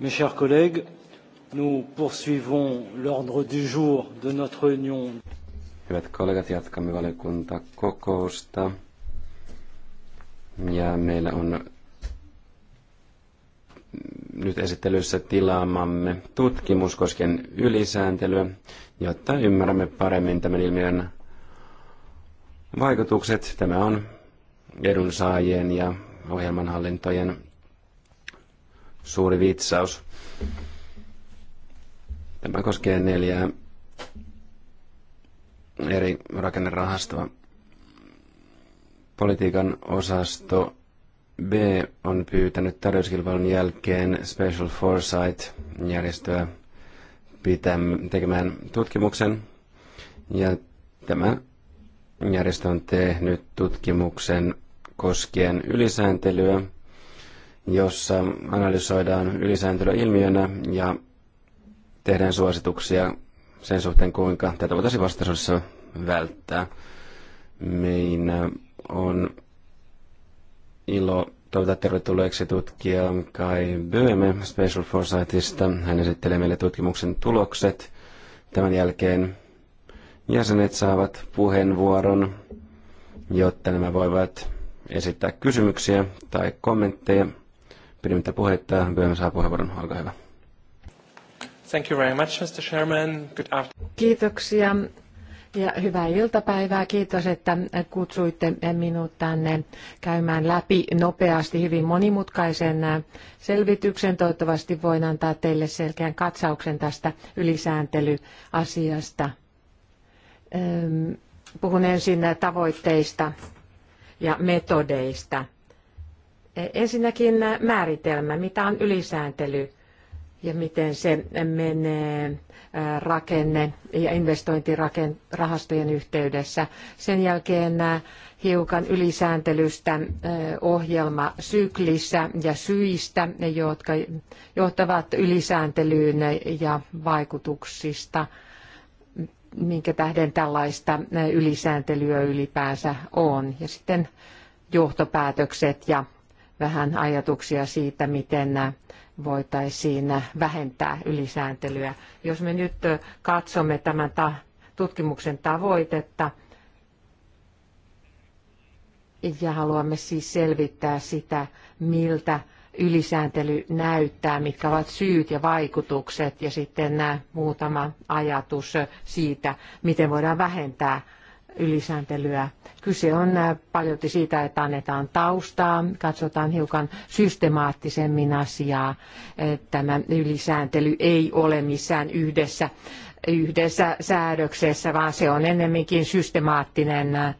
Mes chers collègues, nous poursuivons l'ordre du jour de notre réunion. Hyvät kollegat, jatkamme valiokuntakokousta. Ja meillä on nyt esittelyssä tilaamamme tutkimus koskien ylisääntelyä, jotta ymmärrämme paremmin tämän ilmiön vaikutukset. Tämä on edunsaajien ja ohjelmanhallintojen suuri vitsaus. Tämä koskee neljää eri rakennerahastoa. Politiikan osasto B on pyytänyt tarjouskilpailun jälkeen Special Foresight-järjestöä tekemään tutkimuksen. Ja tämä järjestö on tehnyt tutkimuksen koskien ylisääntelyä jossa analysoidaan ylisääntelyä ilmiönä ja tehdään suosituksia sen suhteen, kuinka tätä voitaisiin vastaisuudessa välttää. Meillä on ilo toivottaa tervetulleeksi tutkija Kai Böhme Special Foresightista. Hän esittelee meille tutkimuksen tulokset. Tämän jälkeen jäsenet saavat puheenvuoron, jotta nämä voivat esittää kysymyksiä tai kommentteja – pidemmittä puhetta. Böhm saa puheenvuoron, olkaa hyvä. Thank you very much, Mr. Chairman. Good afternoon. Kiitoksia ja hyvää iltapäivää. Kiitos, että kutsuitte minut tänne käymään läpi nopeasti hyvin monimutkaisen selvityksen. Toivottavasti voin antaa teille selkeän katsauksen tästä ylisääntelyasiasta. Puhun ensin tavoitteista ja metodeista. Ensinnäkin määritelmä, mitä on ylisääntely ja miten se menee rakenne- ja investointirahastojen yhteydessä. Sen jälkeen hiukan ylisääntelystä ohjelmasyklissä ja syistä, jotka johtavat ylisääntelyyn ja vaikutuksista, minkä tähden tällaista ylisääntelyä ylipäänsä on. Ja sitten johtopäätökset ja vähän ajatuksia siitä, miten voitaisiin vähentää ylisääntelyä. Jos me nyt katsomme tämän tutkimuksen tavoitetta, ja haluamme siis selvittää sitä, miltä ylisääntely näyttää, mitkä ovat syyt ja vaikutukset ja sitten nämä muutama ajatus siitä, miten voidaan vähentää ylisääntelyä. Kyse on äh, paljolti siitä, että annetaan taustaa, katsotaan hiukan systemaattisemmin asiaa. Äh, tämä ylisääntely ei ole missään yhdessä, yhdessä säädöksessä, vaan se on ennemminkin systemaattinen äh,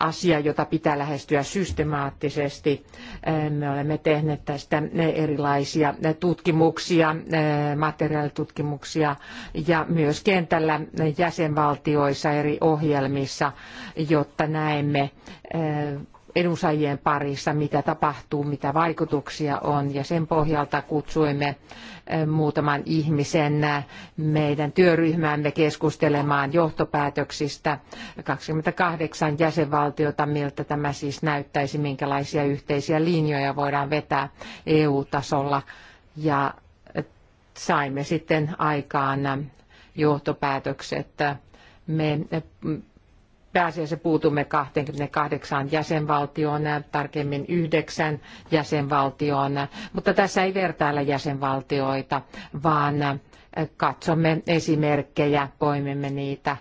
asia, jota pitää lähestyä systemaattisesti. Me olemme tehneet tästä erilaisia tutkimuksia, materiaalitutkimuksia ja myös kentällä jäsenvaltioissa eri ohjelmissa, jotta näemme edunsaajien parissa, mitä tapahtuu, mitä vaikutuksia on. Ja sen pohjalta kutsuimme eh, muutaman ihmisen eh, meidän työryhmäämme keskustelemaan johtopäätöksistä 28 jäsenvaltiota, miltä tämä siis näyttäisi, minkälaisia yhteisiä linjoja voidaan vetää EU-tasolla. Ja eh, saimme sitten aikaan johtopäätökset. Me Pääasiassa puutumme 28 jäsenvaltioon, tarkemmin yhdeksän jäsenvaltioon, mutta tässä ei vertailla jäsenvaltioita, vaan katsomme esimerkkejä, poimimme niitä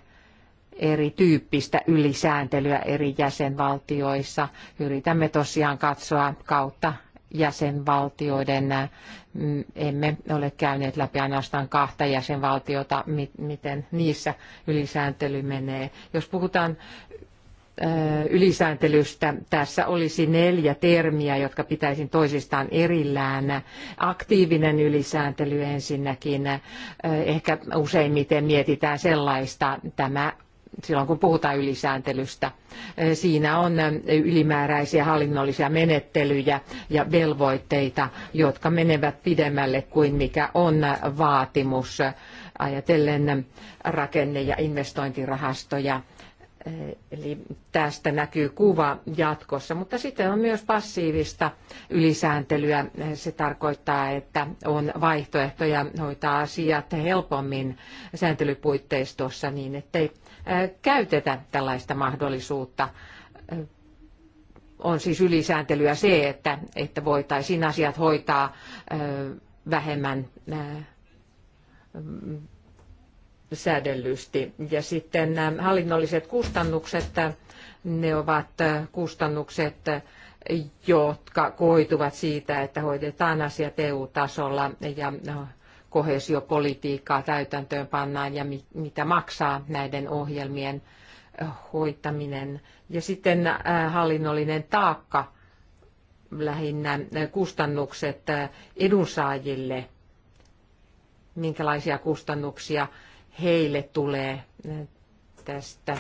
erityyppistä ylisääntelyä eri jäsenvaltioissa. Yritämme tosiaan katsoa kautta jäsenvaltioiden. Mm, emme ole käyneet läpi ainoastaan kahta jäsenvaltiota, miten niissä ylisääntely menee. Jos puhutaan ylisääntelystä. Tässä olisi neljä termiä, jotka pitäisin toisistaan erillään. Aktiivinen ylisääntely ensinnäkin. Ehkä useimmiten mietitään sellaista. Tämä silloin kun puhutaan ylisääntelystä. Siinä on ylimääräisiä hallinnollisia menettelyjä ja velvoitteita, jotka menevät pidemmälle kuin mikä on vaatimus ajatellen rakenne- ja investointirahastoja. Eli tästä näkyy kuva jatkossa, mutta sitten on myös passiivista ylisääntelyä. Se tarkoittaa, että on vaihtoehtoja hoitaa asiat helpommin sääntelypuitteistossa niin, ettei käytetä tällaista mahdollisuutta. On siis ylisääntelyä se, että, että voitaisiin asiat hoitaa vähemmän säädellysti. Ja sitten nämä hallinnolliset kustannukset, ne ovat kustannukset, jotka koituvat siitä, että hoidetaan asiat EU-tasolla ja no, kohesiopolitiikkaa täytäntöön pannaan ja mitä maksaa näiden ohjelmien eh, hoitaminen. Ja sitten eh, hallinnollinen taakka, lähinnä eh, kustannukset edunsaajille, minkälaisia kustannuksia heille tulee tästä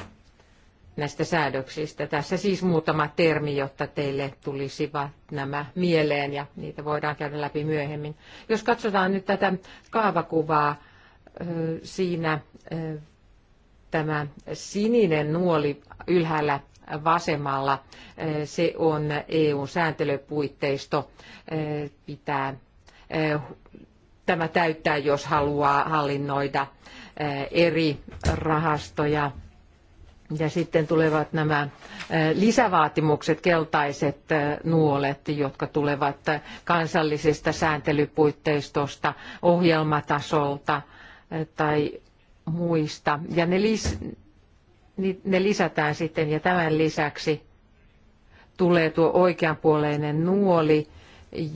näistä säädöksistä. Tässä siis muutama termi, jotta teille tulisivat nämä mieleen ja niitä voidaan käydä läpi myöhemmin. Jos katsotaan nyt tätä kaavakuvaa, siinä tämä sininen nuoli ylhäällä vasemmalla, se on EU-sääntelypuitteisto, pitää tämä täyttää, jos haluaa hallinnoida eri rahastoja – ja sitten tulevat nämä äh, lisävaatimukset, keltaiset äh, nuolet, jotka tulevat äh, kansallisesta sääntelypuitteistosta, ohjelmatasolta tai muista. Ja ne, lis, ne lisätään sitten ja tämän lisäksi tulee tuo oikeanpuoleinen nuoli,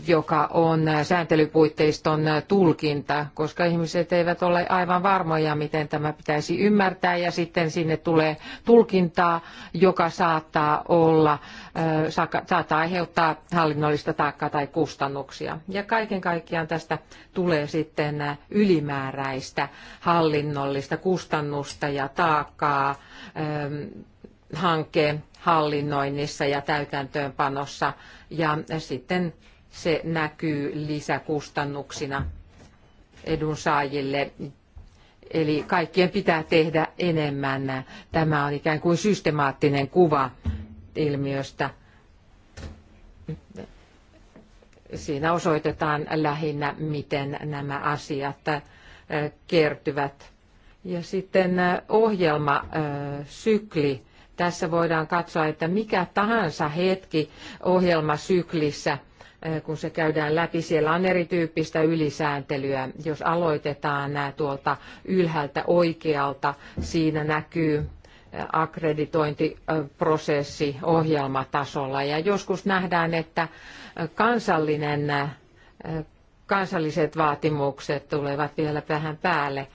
joka on sääntelypuitteiston tulkinta, koska ihmiset eivät ole aivan varmoja, miten tämä pitäisi ymmärtää, ja sitten sinne tulee tulkintaa, joka saattaa olla, saattaa aiheuttaa hallinnollista taakkaa tai kustannuksia. Ja kaiken kaikkiaan tästä tulee sitten ylimääräistä hallinnollista kustannusta ja taakkaa hankkeen hallinnoinnissa ja täytäntöönpanossa ja sitten se näkyy lisäkustannuksina edunsaajille. Eli kaikkien pitää tehdä enemmän. Tämä on ikään kuin systemaattinen kuva ilmiöstä. Siinä osoitetaan lähinnä, miten nämä asiat äh, kertyvät. Ja sitten äh, ohjelmasykli. Äh, Tässä voidaan katsoa, että mikä tahansa hetki ohjelmasyklissä Äh, kun se käydään läpi, siellä on erityyppistä ylisääntelyä. Jos aloitetaan nämä äh, tuolta ylhäältä oikealta, siinä näkyy äh, akkreditointiprosessi ohjelmatasolla. Ja joskus nähdään, että kansallinen, kansalliset vaatimukset tulevat vielä vähän päälle.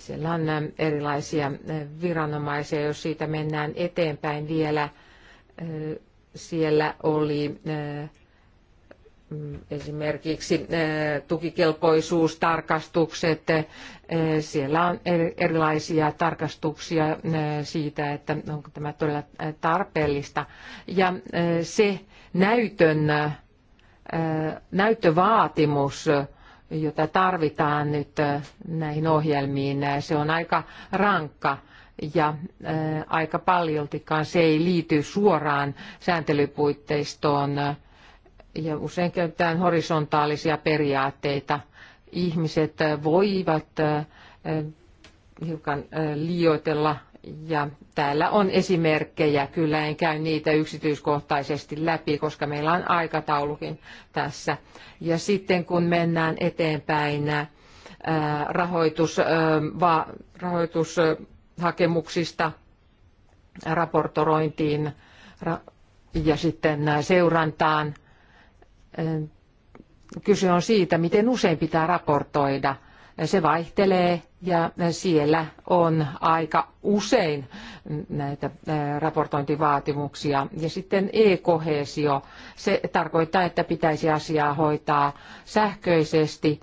Siellä on erilaisia viranomaisia, jos siitä mennään eteenpäin vielä siellä oli äh, esimerkiksi äh, tukikelpoisuustarkastukset. Äh, siellä on erilaisia tarkastuksia siitä, että onko tämä todella tarpeellista. Ja se näytön, näyttövaatimus, jota tarvitaan nyt näihin ohjelmiin, se on aika rankka ja äh, aika paljoltikaan se ei liity suoraan sääntelypuitteistoon äh, ja usein käytetään horisontaalisia periaatteita. Ihmiset äh, voivat hiukan liioitella ja täällä on esimerkkejä, kyllä en käy niitä yksityiskohtaisesti läpi, koska meillä on aikataulukin tässä. Ja sitten kun mennään eteenpäin rahoitus, rahoitus hakemuksista raportorointiin ja sitten äh, seurantaan. Äh, kyse on siitä, miten usein pitää raportoida – se vaihtelee ja siellä on aika usein näitä raportointivaatimuksia. Ja sitten e-kohesio, se tarkoittaa, että pitäisi asiaa hoitaa sähköisesti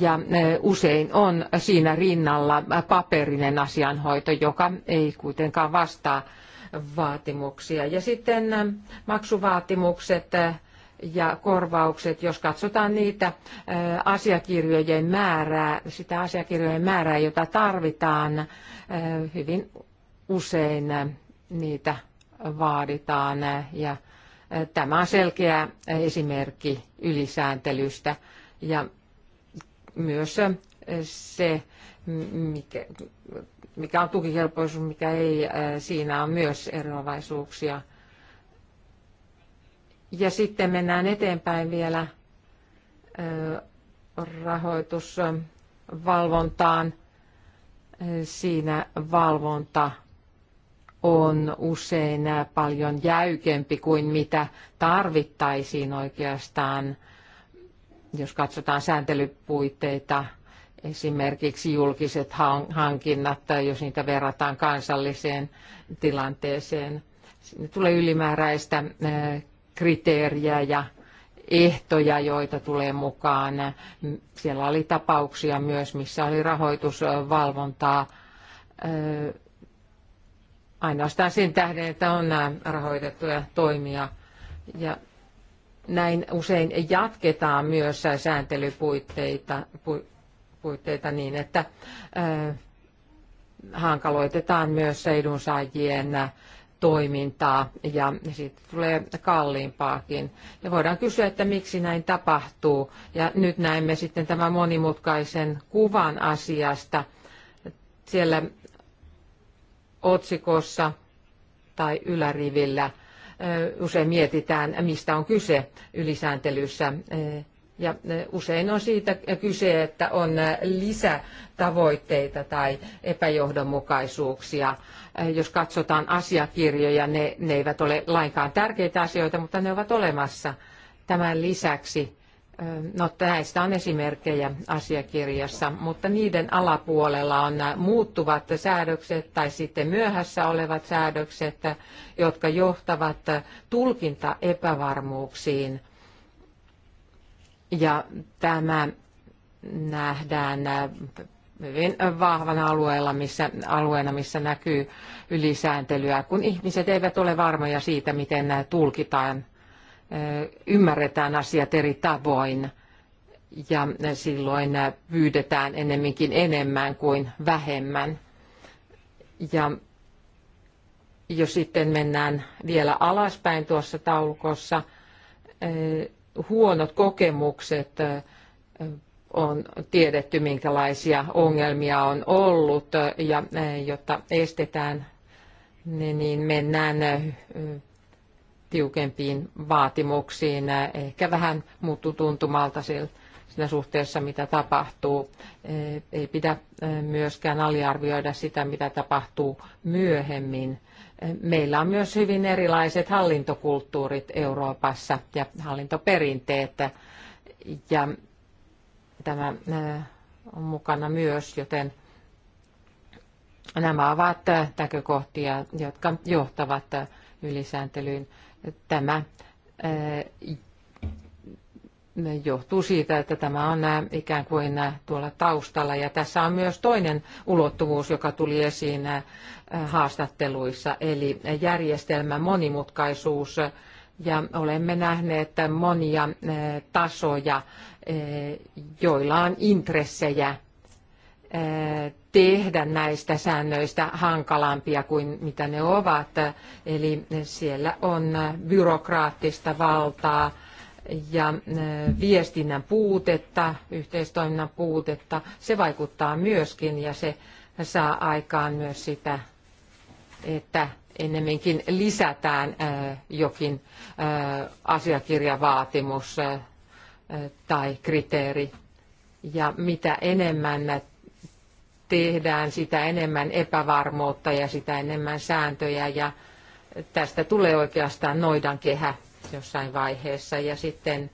ja usein on siinä rinnalla paperinen asianhoito, joka ei kuitenkaan vastaa vaatimuksia. Ja sitten maksuvaatimukset ja korvaukset, jos katsotaan niitä asiakirjojen määrää, sitä asiakirjojen määrää, jota tarvitaan, hyvin usein niitä vaaditaan ja Tämä on selkeä esimerkki ylisääntelystä ja myös se, mikä, mikä on tukikelpoisuus, mikä ei, siinä on myös eroavaisuuksia. Ja sitten mennään eteenpäin vielä rahoitusvalvontaan. Siinä valvonta on usein paljon jäykempi kuin mitä tarvittaisiin oikeastaan, jos katsotaan sääntelypuitteita, esimerkiksi julkiset hankinnat, tai jos niitä verrataan kansalliseen tilanteeseen. Sinne tulee ylimääräistä kriteeriä ja ehtoja, joita tulee mukaan. Siellä oli tapauksia myös, missä oli rahoitusvalvontaa ainoastaan sen tähden, että on nämä rahoitettuja toimia. Ja näin usein jatketaan myös sääntelypuitteita pu, puitteita niin, että ö, hankaloitetaan myös edunsaajien toimintaa ja siitä tulee kalliimpaakin. Ja voidaan kysyä, että miksi näin tapahtuu. Ja nyt näemme sitten tämän monimutkaisen kuvan asiasta siellä otsikossa tai ylärivillä. Usein mietitään, mistä on kyse ylisääntelyssä. Ja usein on siitä kyse, että on lisätavoitteita tai epäjohdonmukaisuuksia Äh, jos katsotaan asiakirjoja, ne, ne eivät ole lainkaan tärkeitä asioita, mutta ne ovat olemassa. Tämän lisäksi, äh, no näistä on esimerkkejä asiakirjassa, mutta niiden alapuolella on äh, muuttuvat säädökset tai sitten myöhässä olevat säädökset, jotka johtavat tulkintaepävarmuuksiin. epävarmuuksiin. Ja tämä nähdään hyvin vahvana alueella, missä, alueena, missä näkyy ylisääntelyä, kun ihmiset eivät ole varmoja siitä, miten tulkitaan, ymmärretään asiat eri tavoin ja silloin pyydetään enemminkin enemmän kuin vähemmän. Ja jos sitten mennään vielä alaspäin tuossa taulukossa, huonot kokemukset on tiedetty, minkälaisia ongelmia on ollut ja eh, jotta estetään niin mennään eh, tiukempiin vaatimuksiin, eh, ehkä vähän muuttu tuntumalta siinä suhteessa, mitä tapahtuu. Ei pidä myöskään aliarvioida sitä, mitä tapahtuu myöhemmin. Meillä on myös hyvin erilaiset hallintokulttuurit Euroopassa ja hallintoperinteet. Ja tämä äh, on mukana myös, joten nämä ovat äh, näkökohtia, jotka johtavat äh, ylisääntelyyn. Tämä johtuu siitä, että tämä on ikään kuin tuolla taustalla. Ja tässä on myös toinen ulottuvuus, joka tuli esiin haastatteluissa, eli järjestelmän monimutkaisuus. Ja olemme nähneet monia tasoja Eh, joilla on intressejä eh, tehdä näistä säännöistä hankalampia kuin mitä ne ovat. Eli siellä on byrokraattista valtaa ja eh, viestinnän puutetta, yhteistoiminnan puutetta. Se vaikuttaa myöskin ja se saa aikaan myös sitä, että ennemminkin lisätään jokin asiakirjavaatimus tai kriteeri. Ja mitä enemmän tehdään, sitä enemmän epävarmuutta ja sitä enemmän sääntöjä ja tästä tulee oikeastaan noidan kehä jossain vaiheessa. Ja sitten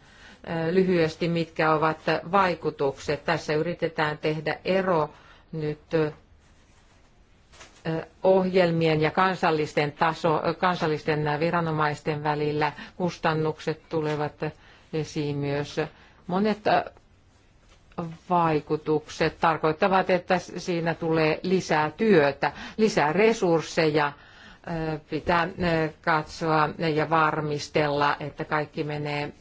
lyhyesti, mitkä ovat vaikutukset. Tässä yritetään tehdä ero nyt ohjelmien ja kansallisten, taso, kansallisten viranomaisten välillä. Kustannukset tulevat esiin myös. Monet äh, vaikutukset tarkoittavat, että siinä tulee lisää työtä, lisää resursseja, äh, pitää äh, katsoa ja varmistella, että kaikki menee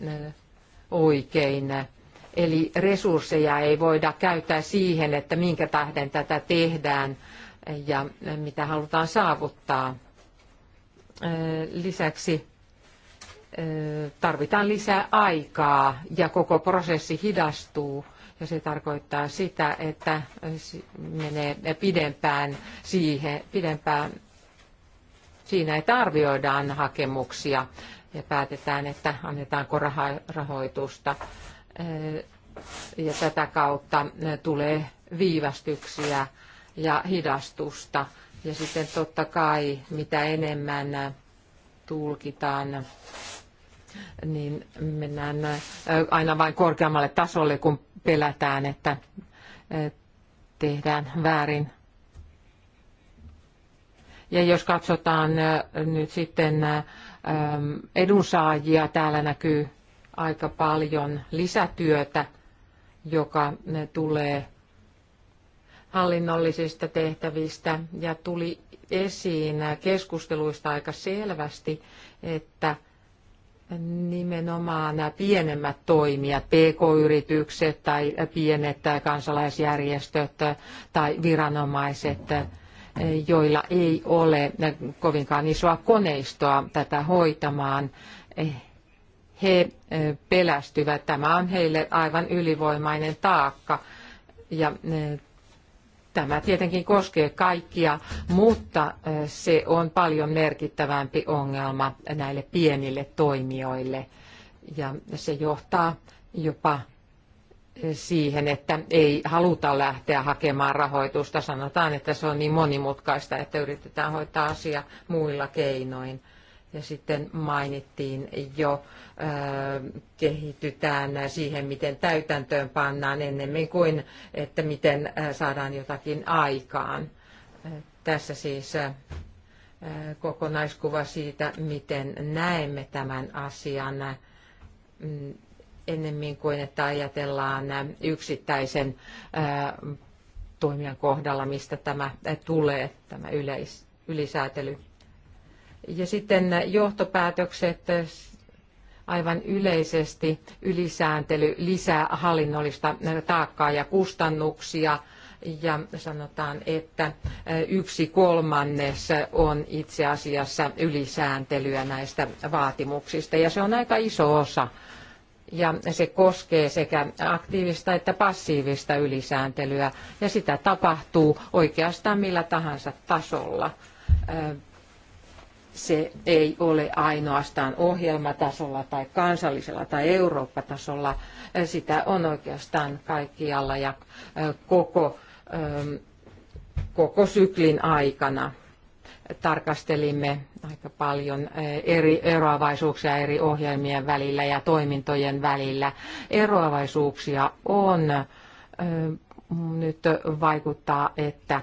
oikein. Eli resursseja ei voida käyttää siihen, että minkä tähden tätä tehdään ja mitä halutaan saavuttaa. Lisäksi tarvitaan lisää aikaa ja koko prosessi hidastuu ja se tarkoittaa sitä, että menee pidempään, siihen, pidempään siinä, että arvioidaan hakemuksia ja päätetään, että annetaanko rahoitusta. Ja tätä kautta tulee viivästyksiä ja hidastusta. Ja sitten totta kai, mitä enemmän tulkitaan niin mennään aina vain korkeammalle tasolle, kun pelätään, että tehdään väärin. Ja jos katsotaan nyt sitten edunsaajia, täällä näkyy aika paljon lisätyötä, joka tulee hallinnollisista tehtävistä ja tuli esiin keskusteluista aika selvästi, että nimenomaan nämä pienemmät toimijat, pk-yritykset tai pienet kansalaisjärjestöt tai viranomaiset, joilla ei ole kovinkaan isoa koneistoa tätä hoitamaan. He pelästyvät. Tämä on heille aivan ylivoimainen taakka. Ja Tämä tietenkin koskee kaikkia, mutta se on paljon merkittävämpi ongelma näille pienille toimijoille. Ja se johtaa jopa siihen, että ei haluta lähteä hakemaan rahoitusta. Sanotaan, että se on niin monimutkaista, että yritetään hoitaa asia muilla keinoin. Ja sitten mainittiin jo, kehitytään siihen, miten täytäntöön pannaan ennemmin kuin, että miten saadaan jotakin aikaan. Tässä siis kokonaiskuva siitä, miten näemme tämän asian mm, ennemmin kuin, että ajatellaan yksittäisen toimijan kohdalla, mistä tämä tulee, tämä yleis, ylisäätely. Ja sitten johtopäätökset aivan yleisesti ylisääntely lisää hallinnollista taakkaa ja kustannuksia ja sanotaan, että yksi kolmannes on itse asiassa ylisääntelyä näistä vaatimuksista ja se on aika iso osa ja se koskee sekä aktiivista että passiivista ylisääntelyä ja sitä tapahtuu oikeastaan millä tahansa tasolla se ei ole ainoastaan ohjelmatasolla tai kansallisella tai Eurooppa-tasolla. Sitä on oikeastaan kaikkialla ja koko, koko syklin aikana tarkastelimme aika paljon eri eroavaisuuksia eri ohjelmien välillä ja toimintojen välillä. Eroavaisuuksia on nyt vaikuttaa, että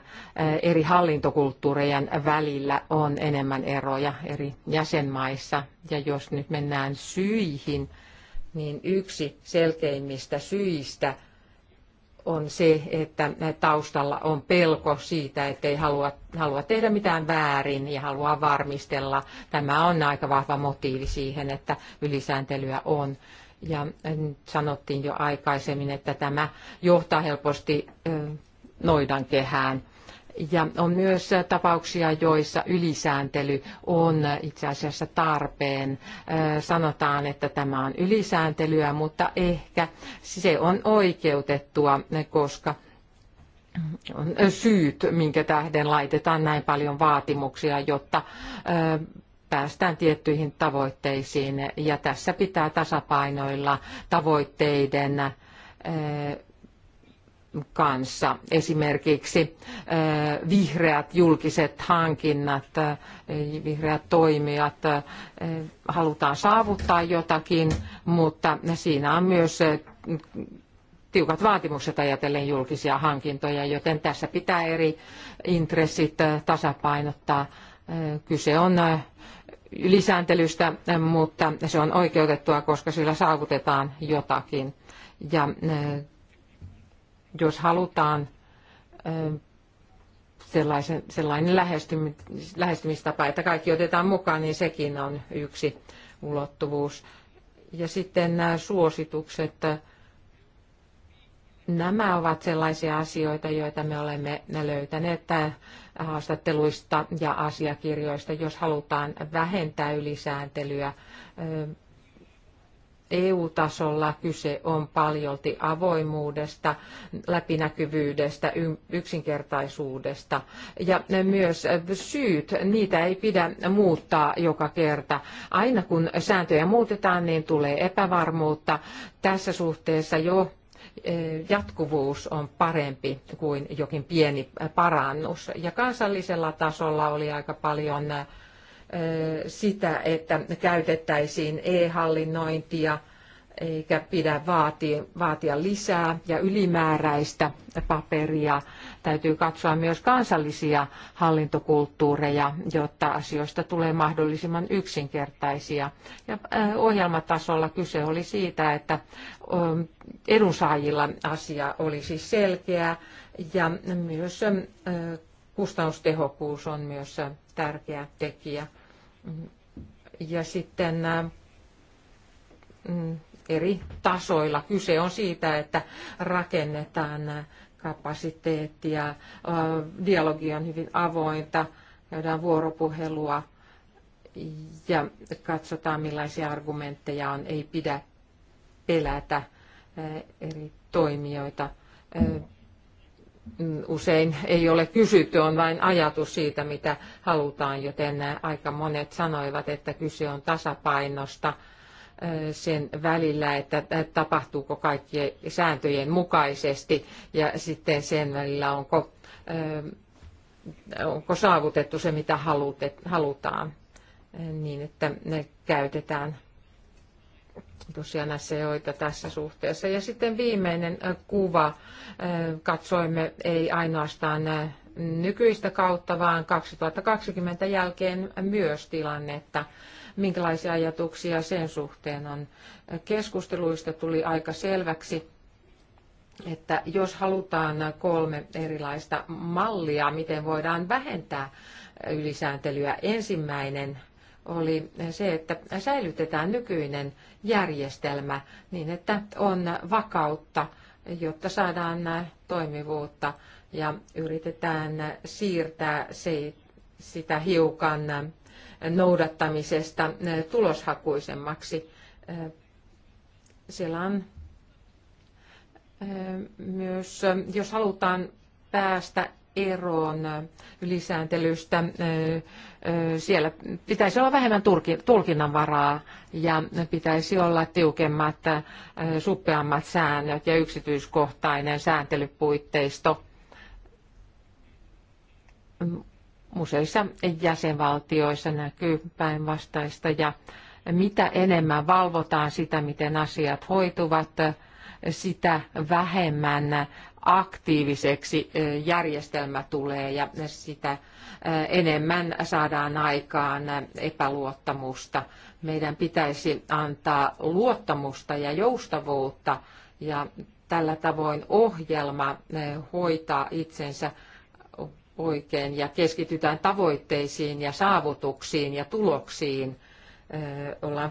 eri hallintokulttuurien välillä on enemmän eroja eri jäsenmaissa. Ja jos nyt mennään syihin, niin yksi selkeimmistä syistä on se, että taustalla on pelko siitä, ettei halua, halua tehdä mitään väärin ja haluaa varmistella. Tämä on aika vahva motiivi siihen, että ylisääntelyä on. Ja äh, sanottiin jo aikaisemmin, että tämä johtaa helposti äh, kehään Ja on myös äh, tapauksia, joissa ylisääntely on itse asiassa tarpeen. Sanotaan, että tämä on ylisääntelyä, mutta ehkä se on oikeutettua, koska on syyt, minkä tähden laitetaan näin paljon vaatimuksia, jotta päästään tiettyihin tavoitteisiin ja tässä pitää tasapainoilla tavoitteiden kanssa. Esimerkiksi vihreät julkiset hankinnat, vihreät toimijat, halutaan saavuttaa jotakin, mutta siinä on myös tiukat vaatimukset ajatellen julkisia hankintoja, joten tässä pitää eri intressit tasapainottaa. Kyse on ylisääntelystä, mutta se on oikeutettua, koska sillä saavutetaan jotakin. Ja jos halutaan sellaisen, sellainen lähestymistapa, että kaikki otetaan mukaan, niin sekin on yksi ulottuvuus. Ja sitten nämä suositukset Nämä ovat sellaisia asioita, joita me olemme löytäneet äh, haastatteluista ja asiakirjoista, jos halutaan vähentää ylisääntelyä. Äh, EU-tasolla kyse on paljolti avoimuudesta, läpinäkyvyydestä, yksinkertaisuudesta ja myös syyt, niitä ei pidä muuttaa joka kerta. Aina kun sääntöjä muutetaan, niin tulee epävarmuutta. Tässä suhteessa jo jatkuvuus on parempi kuin jokin pieni parannus. Ja kansallisella tasolla oli aika paljon sitä, että käytettäisiin e-hallinnointia eikä pidä vaatia, vaatia lisää ja ylimääräistä paperia. Täytyy katsoa myös kansallisia hallintokulttuureja, jotta asioista tulee mahdollisimman yksinkertaisia. Ja ohjelmatasolla kyse oli siitä, että edunsaajilla asia olisi siis selkeä ja myös kustannustehokkuus on myös tärkeä tekijä. Ja sitten mm, eri tasoilla kyse on siitä, että rakennetaan kapasiteettia, dialogi on hyvin avointa, käydään vuoropuhelua ja katsotaan millaisia argumentteja on. Ei pidä pelätä eri toimijoita. Usein ei ole kysytty, on vain ajatus siitä, mitä halutaan, joten aika monet sanoivat, että kyse on tasapainosta sen välillä, että tapahtuuko kaikkien sääntöjen mukaisesti ja sitten sen välillä onko, onko saavutettu se, mitä halutaan, niin että ne käytetään tosiaan joita tässä suhteessa. Ja sitten viimeinen äh, kuva. Äh, katsoimme ei ainoastaan äh, nykyistä kautta, vaan 2020 jälkeen myös tilannetta. Minkälaisia ajatuksia sen suhteen on? Keskusteluista tuli aika selväksi, että jos halutaan kolme erilaista mallia, miten voidaan vähentää ylisääntelyä. Ensimmäinen oli se, että säilytetään nykyinen järjestelmä niin, että on vakautta, jotta saadaan toimivuutta ja yritetään siirtää se, sitä hiukan noudattamisesta tuloshakuisemmaksi. Siellä on eh, myös, jos halutaan päästä eroon ylisääntelystä, eh, siellä pitäisi olla vähemmän tulkinnanvaraa ja pitäisi olla tiukemmat, suppeammat säännöt ja yksityiskohtainen sääntelypuitteisto useissa jäsenvaltioissa näkyy päinvastaista ja mitä enemmän valvotaan sitä, miten asiat hoituvat, sitä vähemmän aktiiviseksi järjestelmä tulee ja sitä enemmän saadaan aikaan epäluottamusta. Meidän pitäisi antaa luottamusta ja joustavuutta ja tällä tavoin ohjelma hoitaa itsensä oikein ja keskitytään tavoitteisiin ja saavutuksiin ja tuloksiin. Ollaan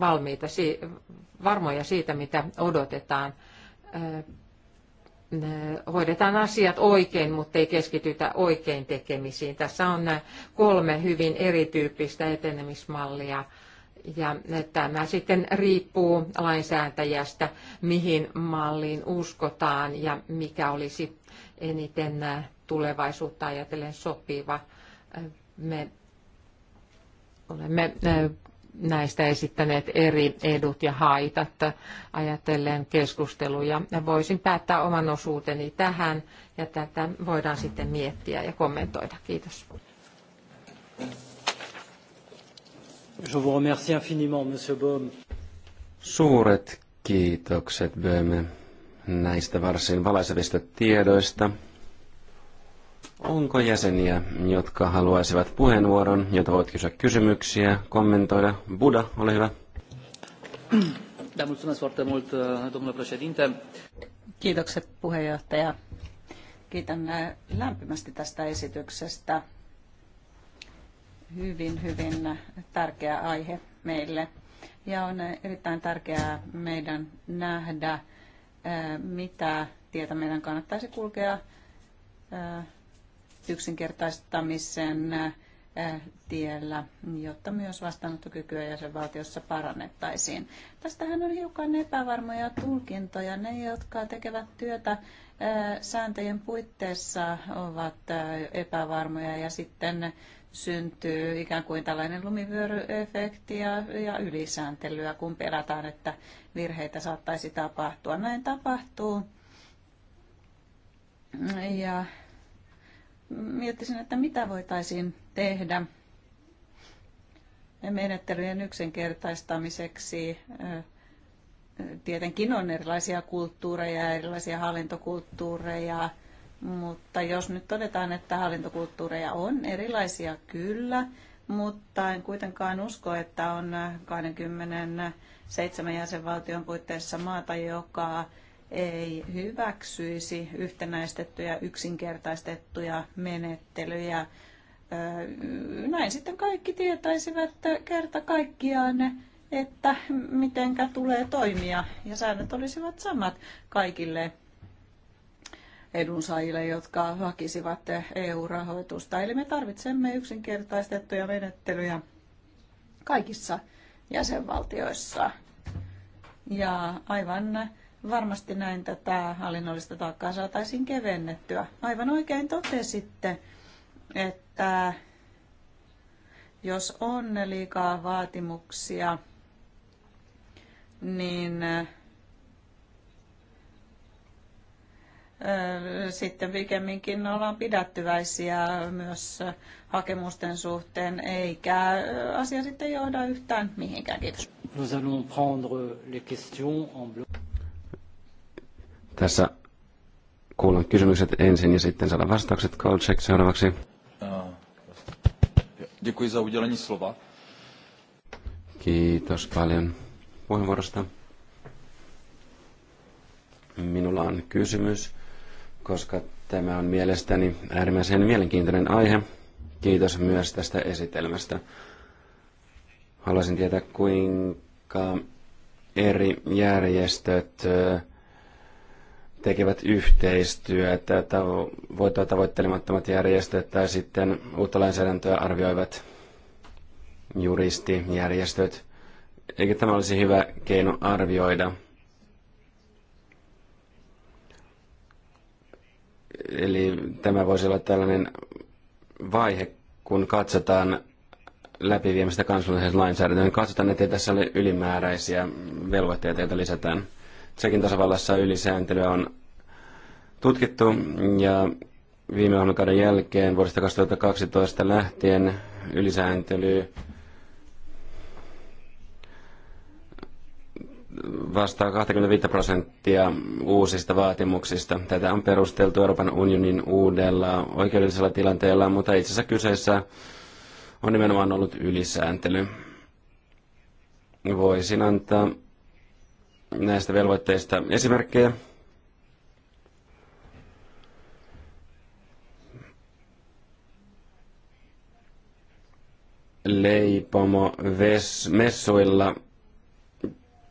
valmiita, varmoja siitä, mitä odotetaan hoidetaan asiat oikein, mutta ei keskitytä oikein tekemisiin. Tässä on kolme hyvin erityyppistä etenemismallia. Ja tämä sitten riippuu lainsäätäjästä, mihin malliin uskotaan ja mikä olisi eniten tulevaisuutta ajatellen sopiva. Me olemme näistä esittäneet eri edut ja haitat ajatellen keskusteluja. Voisin päättää oman osuuteni tähän ja tätä voidaan sitten miettiä ja kommentoida. Kiitos. Je vous remercie infiniment, monsieur Suuret kiitokset, Böhme näistä varsin valaisevista tiedoista. Onko jäseniä, jotka haluaisivat puheenvuoron, jota voit kysyä kysymyksiä, kommentoida? Buda, ole hyvä. Kiitokset puheenjohtaja. Kiitän eh, lämpimästi tästä esityksestä. Hyvin, hyvin tärkeä aihe meille. Ja on eh, erittäin tärkeää meidän nähdä, eh, mitä tietä meidän kannattaisi kulkea yksinkertaistamisen äh, tiellä, jotta myös vastaanottokykyä jäsenvaltiossa parannettaisiin. Tästähän on hiukan epävarmoja tulkintoja. Ne, jotka tekevät työtä äh, sääntöjen puitteissa, ovat äh, epävarmoja ja sitten syntyy ikään kuin tällainen lumivyöryefekti ja, ja ylisääntelyä, kun pelataan, että virheitä saattaisi tapahtua. Näin tapahtuu. Ja miettisin, että mitä voitaisiin tehdä menettelyjen yksinkertaistamiseksi. Tietenkin on erilaisia kulttuureja, erilaisia hallintokulttuureja, mutta jos nyt todetaan, että hallintokulttuureja on erilaisia kyllä, mutta en kuitenkaan usko, että on 27 jäsenvaltion puitteissa maata, joka ei hyväksyisi yhtenäistettyjä, yksinkertaistettuja menettelyjä. Näin sitten kaikki tietäisivät kerta kaikkiaan, että mitenkä tulee toimia ja säännöt olisivat samat kaikille edunsaajille, jotka hakisivat EU-rahoitusta. Eli me tarvitsemme yksinkertaistettuja menettelyjä kaikissa jäsenvaltioissa. Ja aivan Varmasti näin tätä hallinnollista taakkaa saataisiin kevennettyä. Aivan oikein totesitte, että jos on liikaa vaatimuksia, niin sitten pikemminkin ollaan pidättyväisiä myös hakemusten suhteen, eikä asia sitten johda yhtään mihinkään. Kiitos. Nous allons prendre les questions en bloc. Tässä kuullaan kysymykset ensin ja sitten saadaan vastaukset. Kolchek seuraavaksi. Děkuji za udělení slova. Kiitos paljon puheenvuorosta. Minulla on kysymys, koska tämä on mielestäni äärimmäisen mielenkiintoinen aihe. Kiitos myös tästä esitelmästä. Haluaisin tietää, kuinka eri järjestöt tekevät yhteistyötä, voittoa tavoittelemattomat järjestöt tai sitten uutta lainsäädäntöä arvioivat juristijärjestöt. Eikö tämä olisi hyvä keino arvioida? Eli tämä voisi olla tällainen vaihe, kun katsotaan läpiviemistä kansallisen lainsäädäntöön. Katsotaan, ettei tässä ole ylimääräisiä velvoitteita, joita lisätään. Tsekin tasavallassa ylisääntelyä on tutkittu ja viime ohjelmakauden jälkeen vuodesta 2012 lähtien ylisääntely vastaa 25 prosenttia uusista vaatimuksista. Tätä on perusteltu Euroopan unionin uudella oikeudellisella tilanteella, mutta itse asiassa kyseessä on nimenomaan ollut ylisääntely. Voisin antaa näistä velvoitteista esimerkkejä. Leipomo ves, messuilla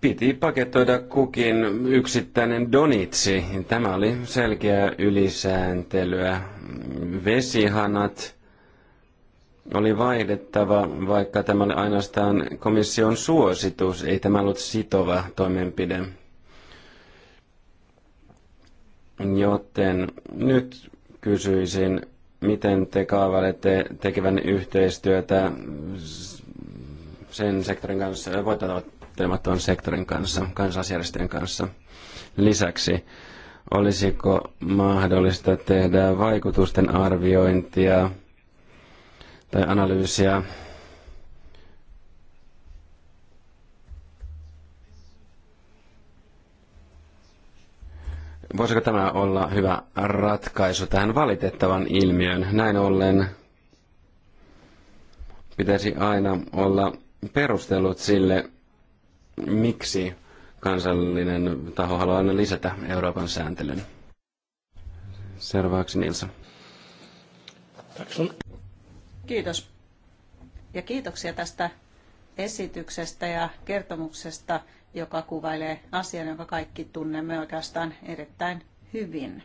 piti paketoida kukin yksittäinen donitsi. Tämä oli selkeä ylisääntelyä. Vesihanat oli vaihdettava, vaikka tämä oli ainoastaan komission suositus, ei tämä ollut sitova toimenpide. Joten nyt kysyisin, miten te kaavailette tekevän yhteistyötä sen sektorin kanssa, voittotavoittelemattoman sektorin kanssa, kansalaisjärjestöjen kanssa. Lisäksi, olisiko mahdollista tehdä vaikutusten arviointia tai analyysiä. Voisiko tämä olla hyvä ratkaisu tähän valitettavan ilmiön? Näin ollen pitäisi aina olla perustelut sille, miksi kansallinen taho haluaa aina lisätä Euroopan sääntelyn. Seuraavaksi Nilsa. Tack Kiitos. Ja kiitoksia tästä esityksestä ja kertomuksesta, joka kuvailee asian, jonka kaikki tunnemme oikeastaan erittäin hyvin.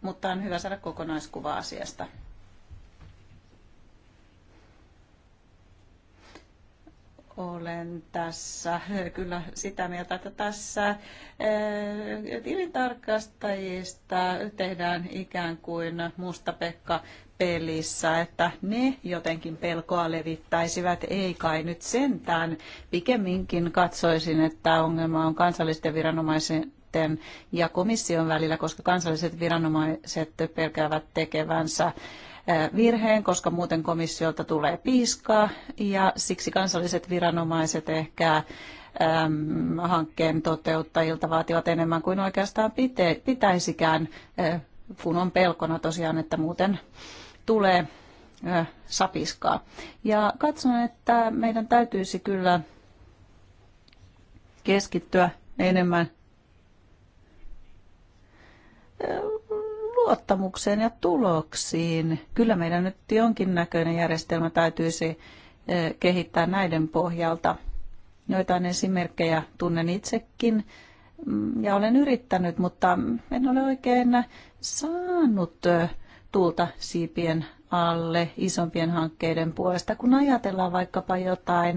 Mutta on hyvä saada kokonaiskuva asiasta. olen tässä kyllä sitä mieltä, että tässä eh, tilintarkastajista tehdään ikään kuin musta Pekka pelissä, että ne jotenkin pelkoa levittäisivät, ei kai nyt sentään. Pikemminkin katsoisin, että ongelma on kansallisten viranomaisen ja komission välillä, koska kansalliset viranomaiset pelkäävät tekevänsä virheen, koska muuten komissiolta tulee piiskaa ja siksi kansalliset viranomaiset ehkä ähm, hankkeen toteuttajilta vaativat enemmän kuin oikeastaan pite, pitäisikään, kun on pelkona tosiaan, että muuten tulee sapiskaa. Ja katson, että meidän täytyisi kyllä keskittyä enemmän luottamukseen ja tuloksiin. Kyllä meidän nyt jonkinnäköinen järjestelmä täytyisi kehittää näiden pohjalta. Joitain esimerkkejä tunnen itsekin mm, ja olen yrittänyt, mutta en ole oikein saanut tuulta siipien alle isompien hankkeiden puolesta, kun ajatellaan vaikkapa jotain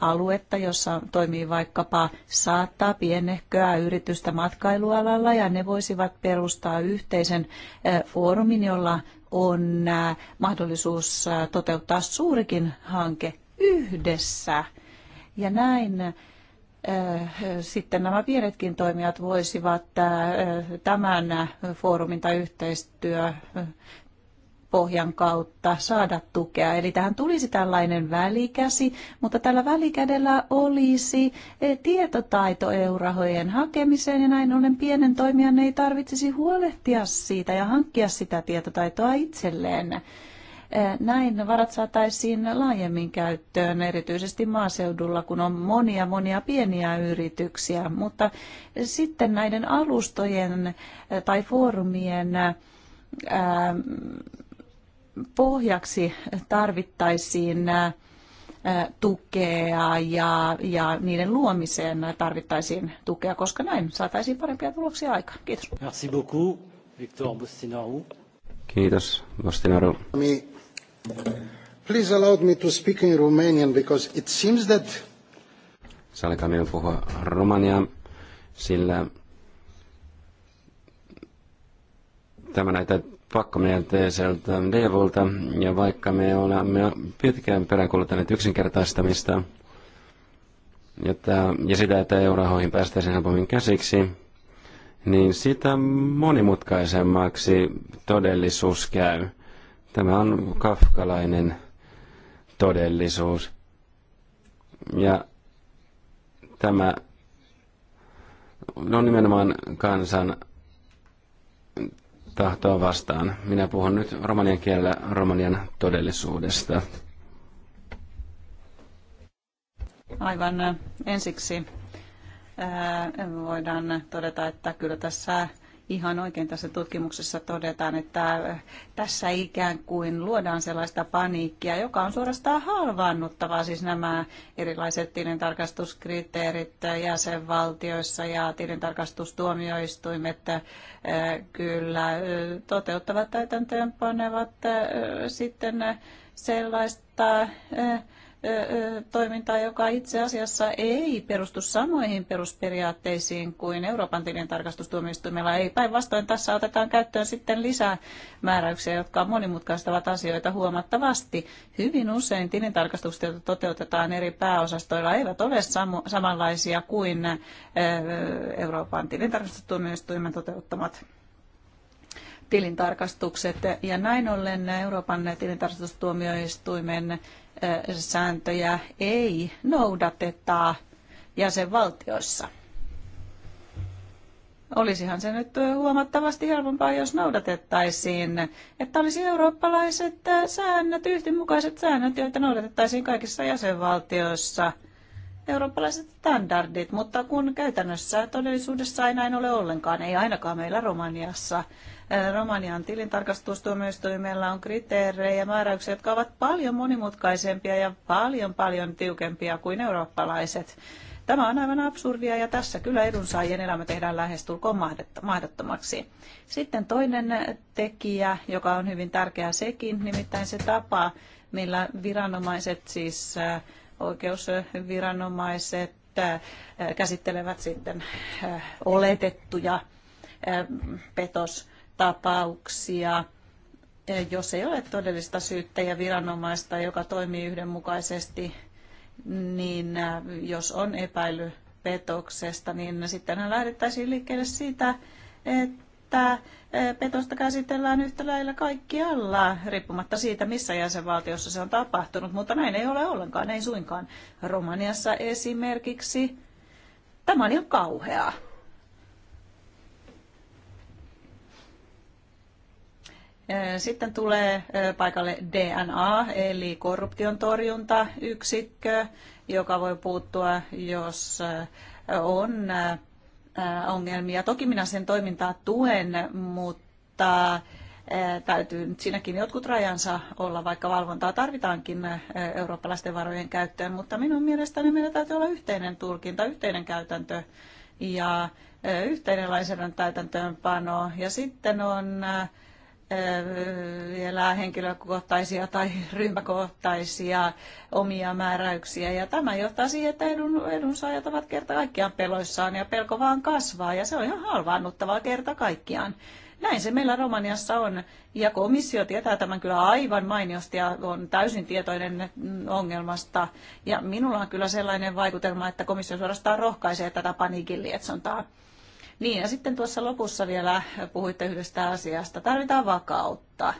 aluetta, jossa toimii vaikkapa saattaa pienehköä yritystä matkailualalla ja ne voisivat perustaa yhteisen foorumin, jolla on mahdollisuus toteuttaa suurikin hanke yhdessä. Ja näin Äh, sitten nämä pienetkin toimijat voisivat äh, tämän foorumin tai yhteistyö äh, pohjan kautta saada tukea. Eli tähän tulisi tällainen välikäsi, mutta tällä välikädellä olisi e, tietotaito EU-rahojen hakemiseen ja näin ollen pienen toimijan ei tarvitsisi huolehtia siitä ja hankkia sitä tietotaitoa itselleen. Eh, näin varat saataisiin laajemmin käyttöön, erityisesti maaseudulla, kun on monia monia pieniä yrityksiä, mutta sitten näiden alustojen eh, tai foorumien eh, pohjaksi tarvittaisiin tukea ja, ja niiden luomiseen tarvittaisiin tukea, koska näin saataisiin parempia tuloksia aikaan. Kiitos. Merci beaucoup, Victor Bostinaru. Kiitos, Bostinaru. Please allow me to speak in Romanian because it seems that... Sallikaa minun puhua romaniaa, sillä tämä näitä pakkomielteiseltä Devolta, ja vaikka me olemme pitkään peräänkuuluttaneet yksinkertaistamista, jotta, ja sitä, että eurorahoihin päästäisiin helpommin käsiksi, niin sitä monimutkaisemmaksi todellisuus käy. Tämä on kafkalainen todellisuus. Ja tämä on no nimenomaan kansan tahtoa vastaan. Minä puhun nyt romanian kielellä romanian todellisuudesta. Aivan äh, ensiksi äh, voidaan todeta, että kyllä tässä ihan oikein tässä tutkimuksessa todetaan, että tässä ikään kuin luodaan sellaista paniikkia, joka on suorastaan halvaannuttavaa, siis nämä erilaiset tilintarkastuskriteerit jäsenvaltioissa ja tilintarkastustuomioistuimet eh, kyllä eh, toteuttavat täytäntöönpanevat eh, sitten sellaista toimintaa, joka itse asiassa ei perustu samoihin perusperiaatteisiin kuin Euroopan tilintarkastustuomioistuimella. Ei päinvastoin tässä otetaan käyttöön sitten lisää määräyksiä, jotka monimutkaistavat asioita huomattavasti. Hyvin usein tilintarkastukset, joita toteutetaan eri pääosastoilla, eivät ole samanlaisia kuin Euroopan tilintarkastustuomioistuimen toteuttamat tilintarkastukset. Ja näin ollen Euroopan tilintarkastustuomioistuimen sääntöjä ei noudateta jäsenvaltioissa. Olisihan se nyt huomattavasti helpompaa, jos noudatettaisiin, että olisi eurooppalaiset säännöt, yhdenmukaiset säännöt, joita noudatettaisiin kaikissa jäsenvaltioissa – eurooppalaiset standardit, mutta kun käytännössä todellisuudessa ei näin ole ollenkaan, ei ainakaan meillä Romaniassa. Romanian tilintarkastustuomioistuimella on kriteerejä ja määräyksiä, jotka ovat paljon monimutkaisempia ja paljon paljon tiukempia kuin eurooppalaiset. Tämä on aivan absurdia ja tässä kyllä edunsaajien elämä tehdään lähestulkoon mahdottomaksi. Sitten toinen tekijä, joka on hyvin tärkeä sekin, nimittäin se tapa, millä viranomaiset siis oikeusviranomaiset äh, käsittelevät sitten äh, oletettuja äh, petostapauksia jos ei ole todellista viranomaista, joka toimii yhdenmukaisesti, niin jos on epäily petoksesta, niin sitten lähdettäisiin liikkeelle siitä, että että eh, petosta käsitellään yhtä lailla kaikkialla, riippumatta siitä, missä jäsenvaltiossa se on tapahtunut, mutta näin ei ole ollenkaan, ei suinkaan. Romaniassa esimerkiksi. Tämä on ihan kauheaa. Eh, sitten tulee eh, paikalle DNA, eli korruption torjuntayksikkö, joka voi puuttua, jos on Äh, ongelmia. Toki minä sen toimintaa tuen, mutta äh, täytyy nyt siinäkin jotkut rajansa olla, vaikka valvontaa tarvitaankin äh, eurooppalaisten varojen käyttöön, mutta minun mielestäni meillä täytyy olla yhteinen tulkinta, yhteinen käytäntö ja yhteinen lainsäädännön täytäntöönpano. Ja sitten on vielä henkilökohtaisia tai ryhmäkohtaisia omia määräyksiä. Ja tämä johtaa siihen, että edun, edunsaajat ovat kerta kaikkiaan peloissaan ja pelko vaan kasvaa ja se on ihan halvaannuttavaa kerta kaikkiaan. Näin se meillä Romaniassa on ja komissio tietää tämän kyllä aivan mainiosti ja on täysin tietoinen ongelmasta. Ja minulla on kyllä sellainen vaikutelma, että komissio suorastaan rohkaisee tätä paniikin lietsontaa. Niin ja sitten tuossa lopussa vielä puhuitte yhdestä asiasta. Tarvitaan vakautta.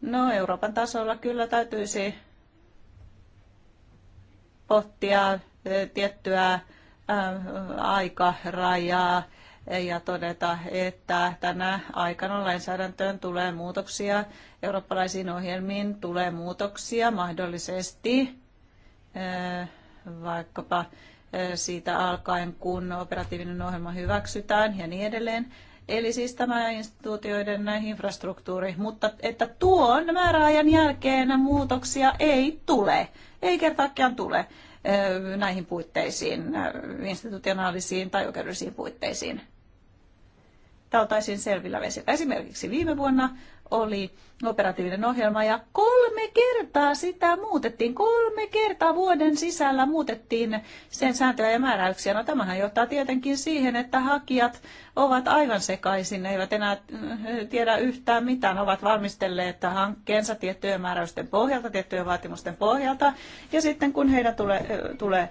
No Euroopan tasolla kyllä täytyisi pohtia tiettyä aikarajaa ja todeta, että tänä aikana lainsäädäntöön tulee muutoksia, eurooppalaisiin ohjelmiin tulee muutoksia mahdollisesti, vaikkapa siitä alkaen, kun operatiivinen ohjelma hyväksytään ja niin edelleen. Eli siis tämä instituutioiden infrastruktuuri, mutta että tuon määräajan jälkeen muutoksia ei tule, ei kertaakaan tule näihin puitteisiin, institutionaalisiin tai oikeudellisiin puitteisiin että oltaisiin selvillä vesillä. Esimerkiksi viime vuonna oli operatiivinen ohjelma ja kolme kertaa sitä muutettiin. Kolme kertaa vuoden sisällä muutettiin sen sääntöjä ja määräyksiä. No tämähän johtaa tietenkin siihen, että hakijat ovat aivan sekaisin, ne eivät enää äh, tiedä yhtään mitään. Ovat valmistelleet hankkeensa tiettyjen määräysten pohjalta, tiettyjen vaatimusten pohjalta ja sitten kun heidän tulee, äh, tulee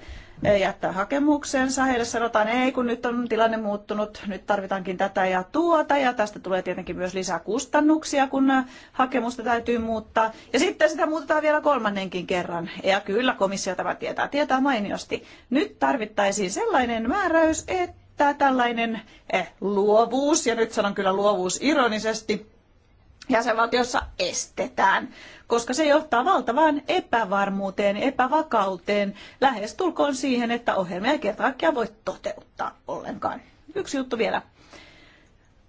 jättää hakemuksensa. Heille sanotaan, ei kun nyt on tilanne muuttunut, nyt tarvitaankin tätä ja tuota. Ja tästä tulee tietenkin myös lisää kustannuksia, kun hakemusta täytyy muuttaa. Ja sitten sitä muutetaan vielä kolmannenkin kerran. Ja kyllä komissio tämä tietää, tietää mainiosti. Nyt tarvittaisiin sellainen määräys, että tällainen eh, luovuus, ja nyt sanon kyllä luovuus ironisesti, jäsenvaltiossa estetään, koska se johtaa valtavaan epävarmuuteen, epävakauteen, lähestulkoon siihen, että ohjelmia ei kerta kaikkiaan voi toteuttaa ollenkaan. Yksi juttu vielä.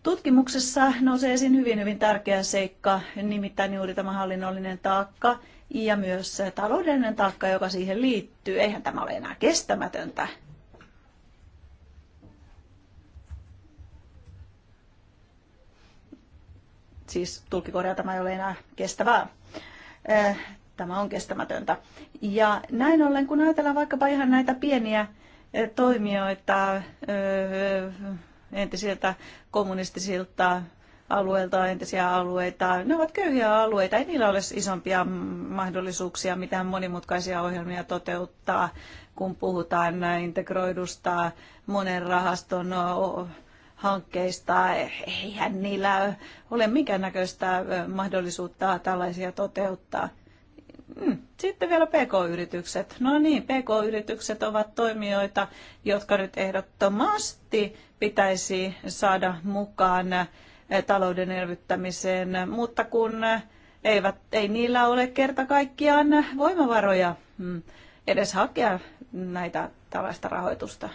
Tutkimuksessa nousee esiin hyvin, hyvin tärkeä seikka, nimittäin juuri tämä hallinnollinen taakka ja myös taloudellinen taakka, joka siihen liittyy. Eihän tämä ole enää kestämätöntä. Siis tulkikorjaa tämä ei ole enää kestävää. Tämä on kestämätöntä. Ja näin ollen, kun ajatellaan vaikkapa ihan näitä pieniä toimijoita entisiltä kommunistisilta alueelta, entisiä alueita. Ne ovat köyhiä alueita, ei niillä ole isompia mahdollisuuksia mitään monimutkaisia ohjelmia toteuttaa, kun puhutaan integroidusta monen rahaston hankkeista. Eihän niillä ole minkäännäköistä mahdollisuutta tällaisia toteuttaa. Mm, sitten vielä PK-yritykset. No niin, PK-yritykset ovat toimijoita, jotka nyt ehdottomasti pitäisi saada mukaan talouden elvyttämiseen, mutta kun eivät, ei niillä ole kerta kaikkiaan voimavaroja mm, edes hakea näitä tällaista rahoitusta.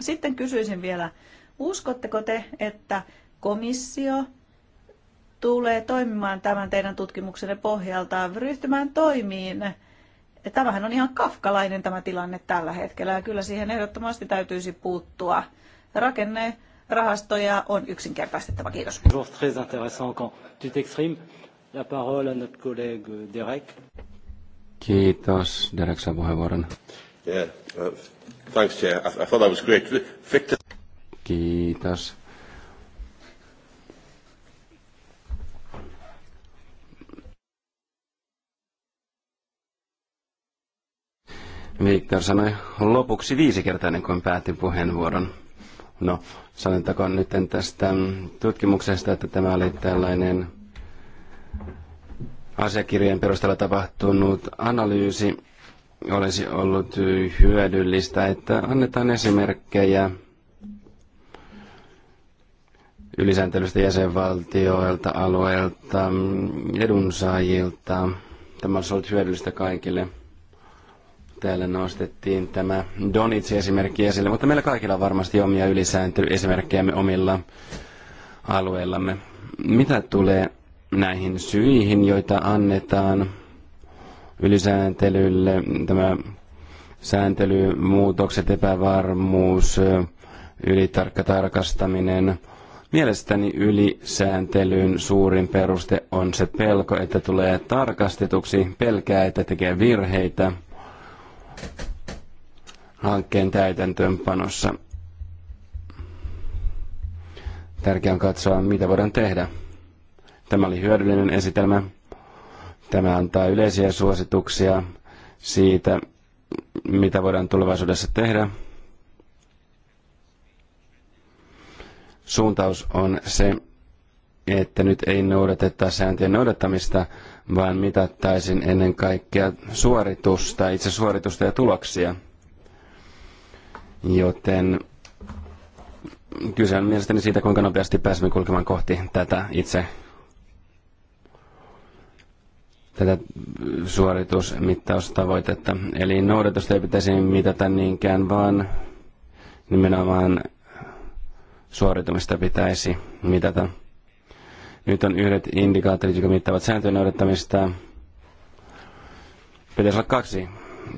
Sitten kysyisin vielä Uskotteko te, että komissio tulee toimimaan tämän teidän tutkimuksenne pohjalta, ryhtymään toimiin? Tämähän on ihan kafkalainen tämä tilanne tällä hetkellä ja kyllä siihen ehdottomasti täytyisi puuttua. Rakenne rahastoja on yksinkertaistettava. Kiitos. Euh, Kiitos. Derek saa puheenvuoron. Yeah, uh, thanks, Chair. I, I thought that was great. Victor. Kiitos. Viktor sanoi lopuksi viisi kertaa ennen kuin päätti puheenvuoron. No, sanotakoon nyt tästä tutkimuksesta, että tämä oli tällainen asiakirjojen perusteella tapahtunut analyysi. Olisi ollut hyödyllistä, että annetaan esimerkkejä ylisääntelystä jäsenvaltioilta, alueilta, edunsaajilta. Tämä olisi ollut hyödyllistä kaikille. Täällä nostettiin tämä Donitsi-esimerkki esille, mutta meillä kaikilla on varmasti omia ylisääntelyesimerkkejämme omilla alueillamme. Mitä tulee näihin syihin, joita annetaan ylisääntelylle, tämä sääntelymuutokset, epävarmuus, ylitarkka tarkastaminen – Mielestäni ylisääntelyn suurin peruste on se pelko, että tulee tarkastetuksi, pelkää, että tekee virheitä hankkeen täytäntöönpanossa. Tärkeää on katsoa, mitä voidaan tehdä. Tämä oli hyödyllinen esitelmä. Tämä antaa yleisiä suosituksia siitä, mitä voidaan tulevaisuudessa tehdä. suuntaus on se, että nyt ei noudateta sääntöjen noudattamista, vaan mitattaisiin ennen kaikkea suoritusta, itse suoritusta ja tuloksia. Joten kyse on mielestäni siitä, kuinka nopeasti pääsemme kulkemaan kohti tätä itse tätä suoritusmittaustavoitetta. Eli noudatusta ei pitäisi mitata niinkään, vaan nimenomaan suoritumista pitäisi mitata. Nyt on yhdet indikaattorit, jotka mittaavat sääntöjen noudattamista. Pitäisi olla kaksi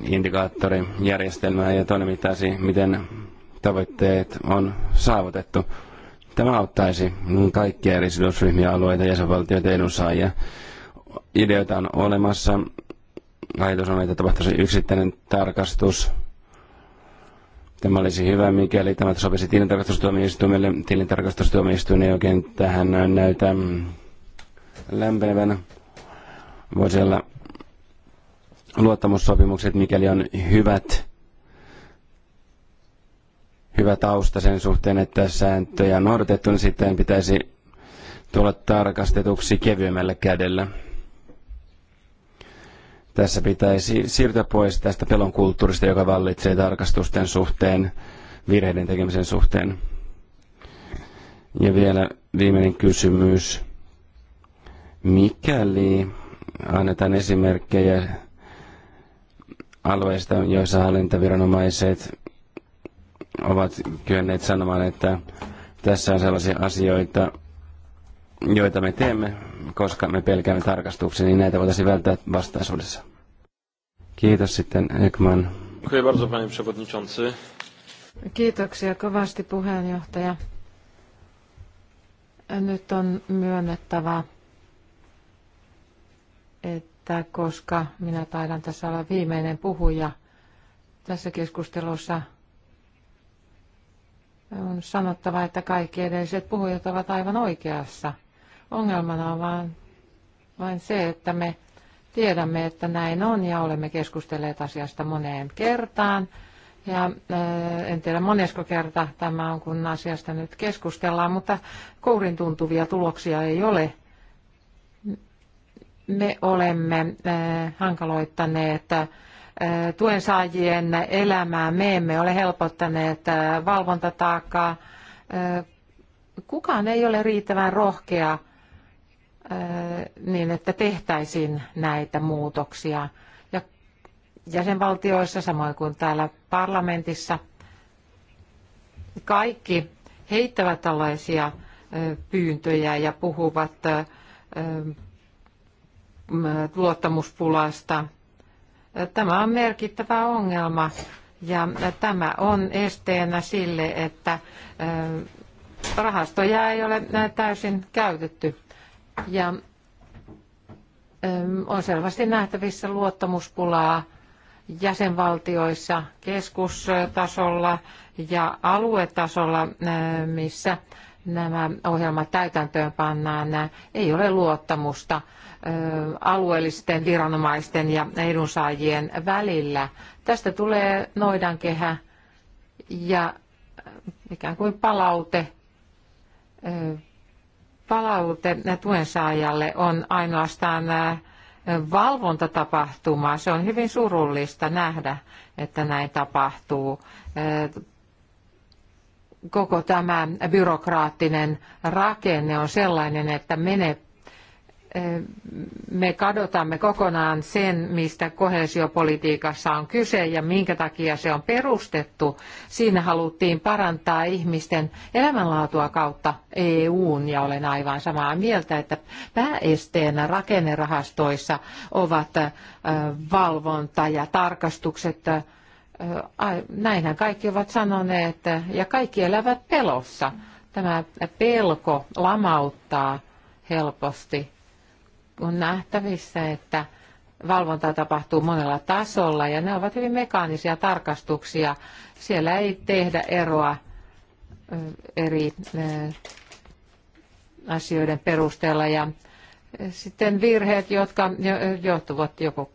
indikaattorijärjestelmää ja toinen mittaisi, miten tavoitteet on saavutettu. Tämä auttaisi kaikkia eri sidosryhmiä, alueita, jäsenvaltioita ja edunsaajia. Ideoita on olemassa. Ajatus on, että tapahtuisi yksittäinen tarkastus Tämä olisi hyvä, mikäli tämä sopisi tilintarkastustuomioistuimelle. Tilintarkastustuomioistuin ei oikein tähän näytä lämpenevänä. Voisi olla luottamussopimukset, mikäli on hyvät, hyvä tausta sen suhteen, että sääntöjä on noudatettu, niin sitten pitäisi tulla tarkastetuksi kevyemmällä kädellä. Tässä pitäisi siirtyä pois tästä pelon kulttuurista, joka vallitsee tarkastusten suhteen, virheiden tekemisen suhteen. Ja vielä viimeinen kysymys. Mikäli annetaan esimerkkejä alueista, joissa hallintaviranomaiset ovat kyenneet sanomaan, että tässä on sellaisia asioita, joita me teemme, koska me pelkäämme tarkastuksia, niin näitä voitaisiin välttää vastaisuudessa. Kiitos sitten Ekman. Kiitoksia kovasti puheenjohtaja. Nyt on myönnettävä, että koska minä taidan tässä olla viimeinen puhuja tässä keskustelussa, on sanottava, että kaikki edelliset puhujat ovat aivan oikeassa – Ongelmana on vain, vain se, että me tiedämme, että näin on ja olemme keskustelleet asiasta moneen kertaan. Ja eh, en tiedä monesko kerta tämä on, kun asiasta nyt keskustellaan, mutta kourin tuntuvia tuloksia ei ole. Me olemme eh, hankaloittaneet eh, tuen saajien elämää, me emme ole helpottaneet valvontataakkaa. Kukaan ei ole riittävän rohkea niin, että tehtäisiin näitä muutoksia ja jäsenvaltioissa samoin kuin täällä parlamentissa. Kaikki heittävät tällaisia pyyntöjä ja puhuvat luottamuspulasta. Tämä on merkittävä ongelma ja tämä on esteenä sille, että rahastoja ei ole täysin käytetty ja ähm, on selvästi nähtävissä luottamuspulaa jäsenvaltioissa keskustasolla ja aluetasolla, äh, missä nämä ohjelmat täytäntöön pannaan, ei ole luottamusta äh, alueellisten viranomaisten ja edunsaajien välillä. Tästä tulee noidankehä ja ikään kuin palaute äh, palaute tuen saajalle on ainoastaan valvontatapahtuma. Se on hyvin surullista nähdä, että näin tapahtuu. Koko tämä byrokraattinen rakenne on sellainen, että me kadotamme kokonaan sen, mistä koheesiopolitiikassa on kyse ja minkä takia se on perustettu. Siinä haluttiin parantaa ihmisten elämänlaatua kautta EUn ja olen aivan samaa mieltä, että pääesteenä rakennerahastoissa ovat valvonta ja tarkastukset. Näinhän kaikki ovat sanoneet ja kaikki elävät pelossa. Tämä pelko lamauttaa helposti on nähtävissä, että valvontaa tapahtuu monella tasolla ja ne ovat hyvin mekaanisia tarkastuksia. Siellä ei tehdä eroa eri asioiden perusteella ja sitten virheet, jotka johtuvat joko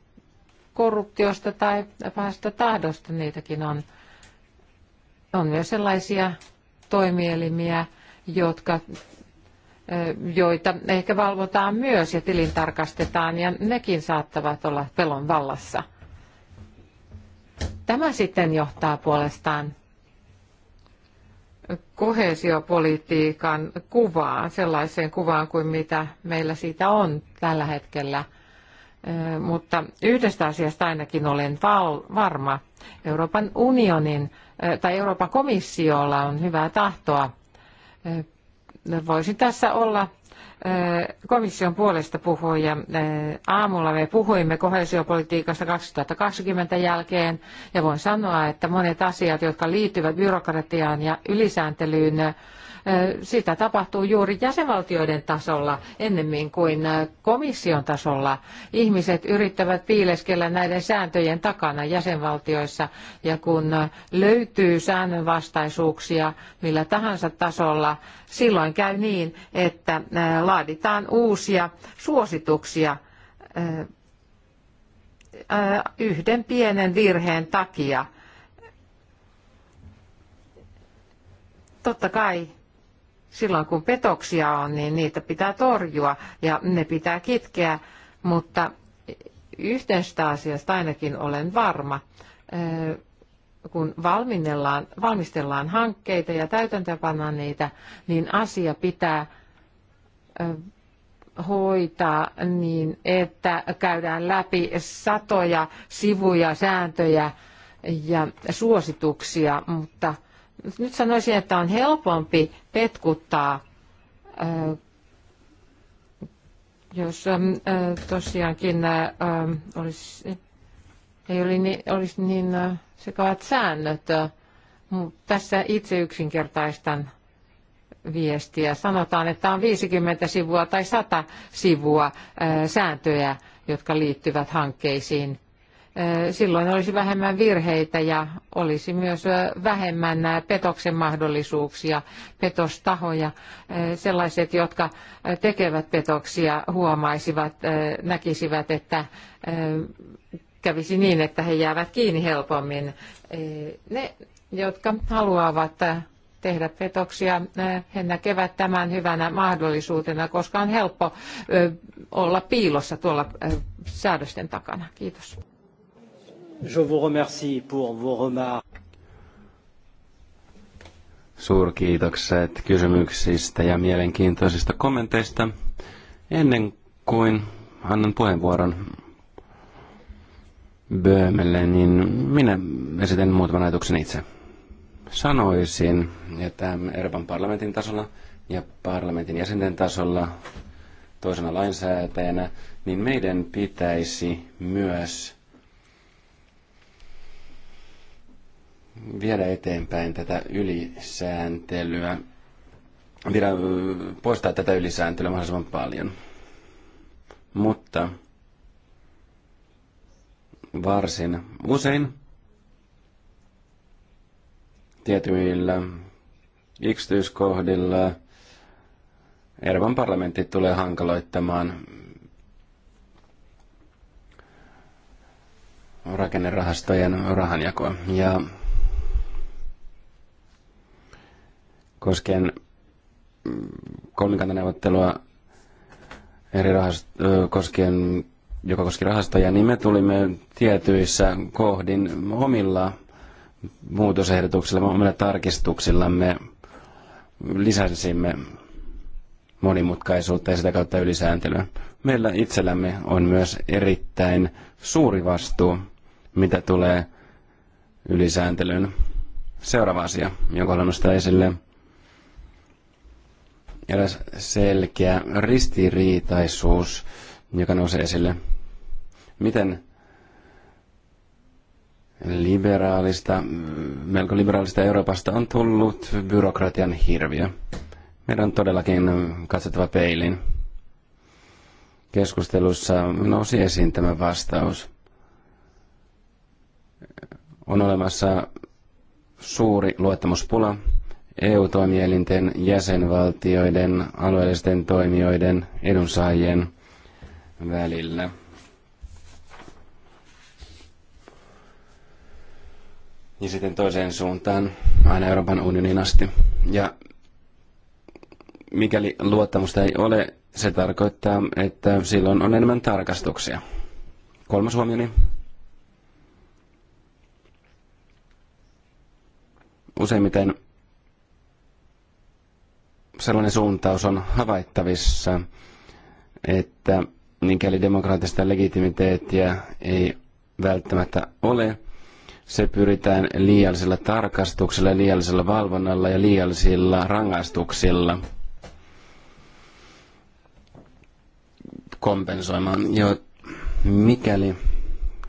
korruptiosta tai vasta tahdosta, niitäkin on. On myös sellaisia toimielimiä, jotka joita ehkä valvotaan myös ja tilintarkastetaan, ja nekin saattavat olla pelon vallassa. Tämä sitten johtaa puolestaan kohesiopolitiikan kuvaan, sellaiseen kuvaan kuin mitä meillä siitä on tällä hetkellä. Mutta yhdestä asiasta ainakin olen varma. Euroopan unionin tai Euroopan komissiolla on hyvää tahtoa voisin tässä olla eh, komission puolesta puhuja. Eh, aamulla me puhuimme kohesiopolitiikasta 2020 jälkeen ja voin sanoa, että monet asiat, jotka liittyvät byrokratiaan ja ylisääntelyyn, sitä tapahtuu juuri jäsenvaltioiden tasolla ennemmin kuin komission tasolla. Ihmiset yrittävät piileskellä näiden sääntöjen takana jäsenvaltioissa ja kun löytyy säännönvastaisuuksia millä tahansa tasolla, silloin käy niin, että laaditaan uusia suosituksia yhden pienen virheen takia. Totta kai silloin kun petoksia on, niin niitä pitää torjua ja ne pitää kitkeä, mutta yhdestä asiasta ainakin olen varma. Kun valmistellaan, hankkeita ja täytäntöpannaan niitä, niin asia pitää hoitaa niin, että käydään läpi satoja sivuja, sääntöjä ja suosituksia, mutta – nyt sanoisin, että on helpompi petkuttaa, jos tosiaankin olisi, ei oli niin, olisi niin sekavat säännöt. Tässä itse yksinkertaistan viestiä. Sanotaan, että on 50 sivua tai 100 sivua sääntöjä, jotka liittyvät hankkeisiin Silloin olisi vähemmän virheitä ja olisi myös vähemmän petoksen mahdollisuuksia, petostahoja. Sellaiset, jotka tekevät petoksia, huomaisivat, näkisivät, että kävisi niin, että he jäävät kiinni helpommin. Ne, jotka haluavat tehdä petoksia. He näkevät tämän hyvänä mahdollisuutena, koska on helppo olla piilossa tuolla säädösten takana. Kiitos. Je vous remercie pour vos remarques. Suurkiitokset kysymyksistä ja mielenkiintoisista kommenteista. Ennen kuin annan puheenvuoron Böhmelle, niin minä esitän muutaman ajatuksen itse. Sanoisin, että Euroopan parlamentin tasolla ja parlamentin jäsenten tasolla toisena lainsäätäjänä, niin meidän pitäisi myös viedä eteenpäin tätä ylisääntelyä, viedä, poistaa tätä ylisääntelyä mahdollisimman paljon. Mutta varsin usein tietyillä yksityiskohdilla Euroopan parlamentti tulee hankaloittamaan rakennerahastojen rahanjakoa. Ja koskien mm, kolmikantaneuvottelua eri rahast- koskien, joka koski rahastoja, niin me tulimme tietyissä kohdin omilla muutosehdotuksilla, omilla tarkistuksillamme lisäsimme monimutkaisuutta ja sitä kautta ylisääntelyä. Meillä itsellämme on myös erittäin suuri vastuu, mitä tulee ylisääntelyyn. Seuraava asia, jonka haluan nostaa esille, eräs selkeä ristiriitaisuus, joka nousee esille. Miten liberaalista, melko liberaalista Euroopasta on tullut byrokratian hirviö? Meidän on todellakin katsottava peilin. Keskustelussa nousi esiin tämä vastaus. On olemassa suuri luottamuspula EU-toimielinten, jäsenvaltioiden, alueellisten toimijoiden, edunsaajien välillä. Ja sitten toiseen suuntaan, aina Euroopan unionin asti. Ja mikäli luottamusta ei ole, se tarkoittaa, että silloin on enemmän tarkastuksia. Kolmas huomioni. Useimmiten sellainen suuntaus on havaittavissa, että mikäli demokraattista legitimiteettiä ei välttämättä ole, se pyritään liiallisella tarkastuksella, liiallisella valvonnalla ja liiallisilla rangaistuksilla kompensoimaan. Jo mikäli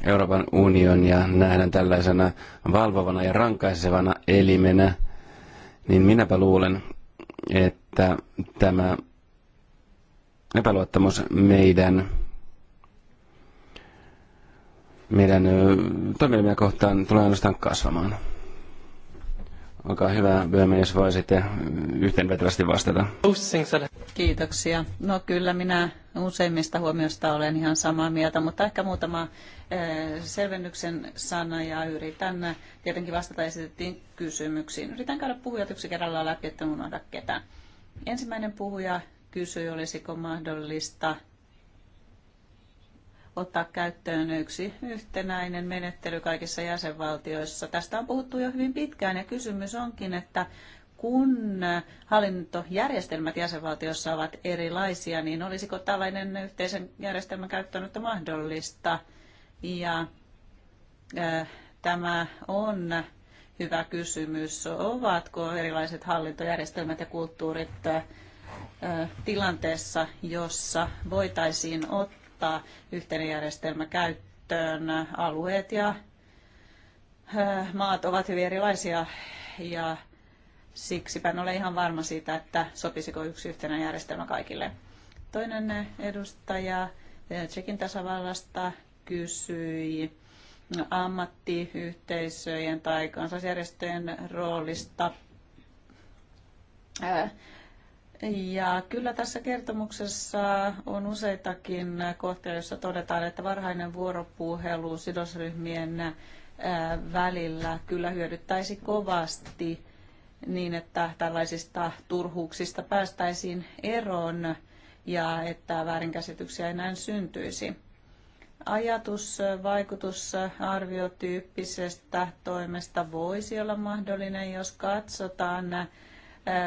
Euroopan unionia nähdään tällaisena valvovana ja rankaisevana elimenä, niin minäpä luulen, että että tämä epäluottamus meidän meidän toimielimiä kohtaan tulee ainoastaan kasvamaan. Olkaa hyvä, Böhme, jos voisitte yhteenvetävästi vastata. Kiitoksia. No kyllä minä useimmista huomioista olen ihan samaa mieltä, mutta ehkä muutama selvennyksen sana ja yritän tietenkin vastata esitettiin kysymyksiin. Yritän käydä puhujat yksi kerrallaan läpi, että unohda ketään. Ensimmäinen puhuja kysyi, olisiko mahdollista ottaa käyttöön yksi yhtenäinen menettely kaikissa jäsenvaltioissa. Tästä on puhuttu jo hyvin pitkään ja kysymys onkin, että kun hallintojärjestelmät jäsenvaltiossa ovat erilaisia, niin olisiko tällainen yhteisen järjestelmän käyttöönotto mahdollista? Ja äh, tämä on hyvä kysymys. Ovatko erilaiset hallintojärjestelmät ja kulttuurit tilanteessa, jossa voitaisiin ottaa yhteinen järjestelmä käyttöön alueet ja maat ovat hyvin erilaisia ja siksipä en ole ihan varma siitä, että sopisiko yksi yhtenä järjestelmä kaikille. Toinen edustaja Tsekin tasavallasta kysyi ammattiyhteisöjen tai kansalaisjärjestöjen roolista. Ja kyllä tässä kertomuksessa on useitakin kohtia, joissa todetaan, että varhainen vuoropuhelu sidosryhmien välillä kyllä hyödyttäisi kovasti niin, että tällaisista turhuuksista päästäisiin eroon ja että väärinkäsityksiä ei näin syntyisi ajatus vaikutusarviotyyppisestä toimesta voisi olla mahdollinen, jos katsotaan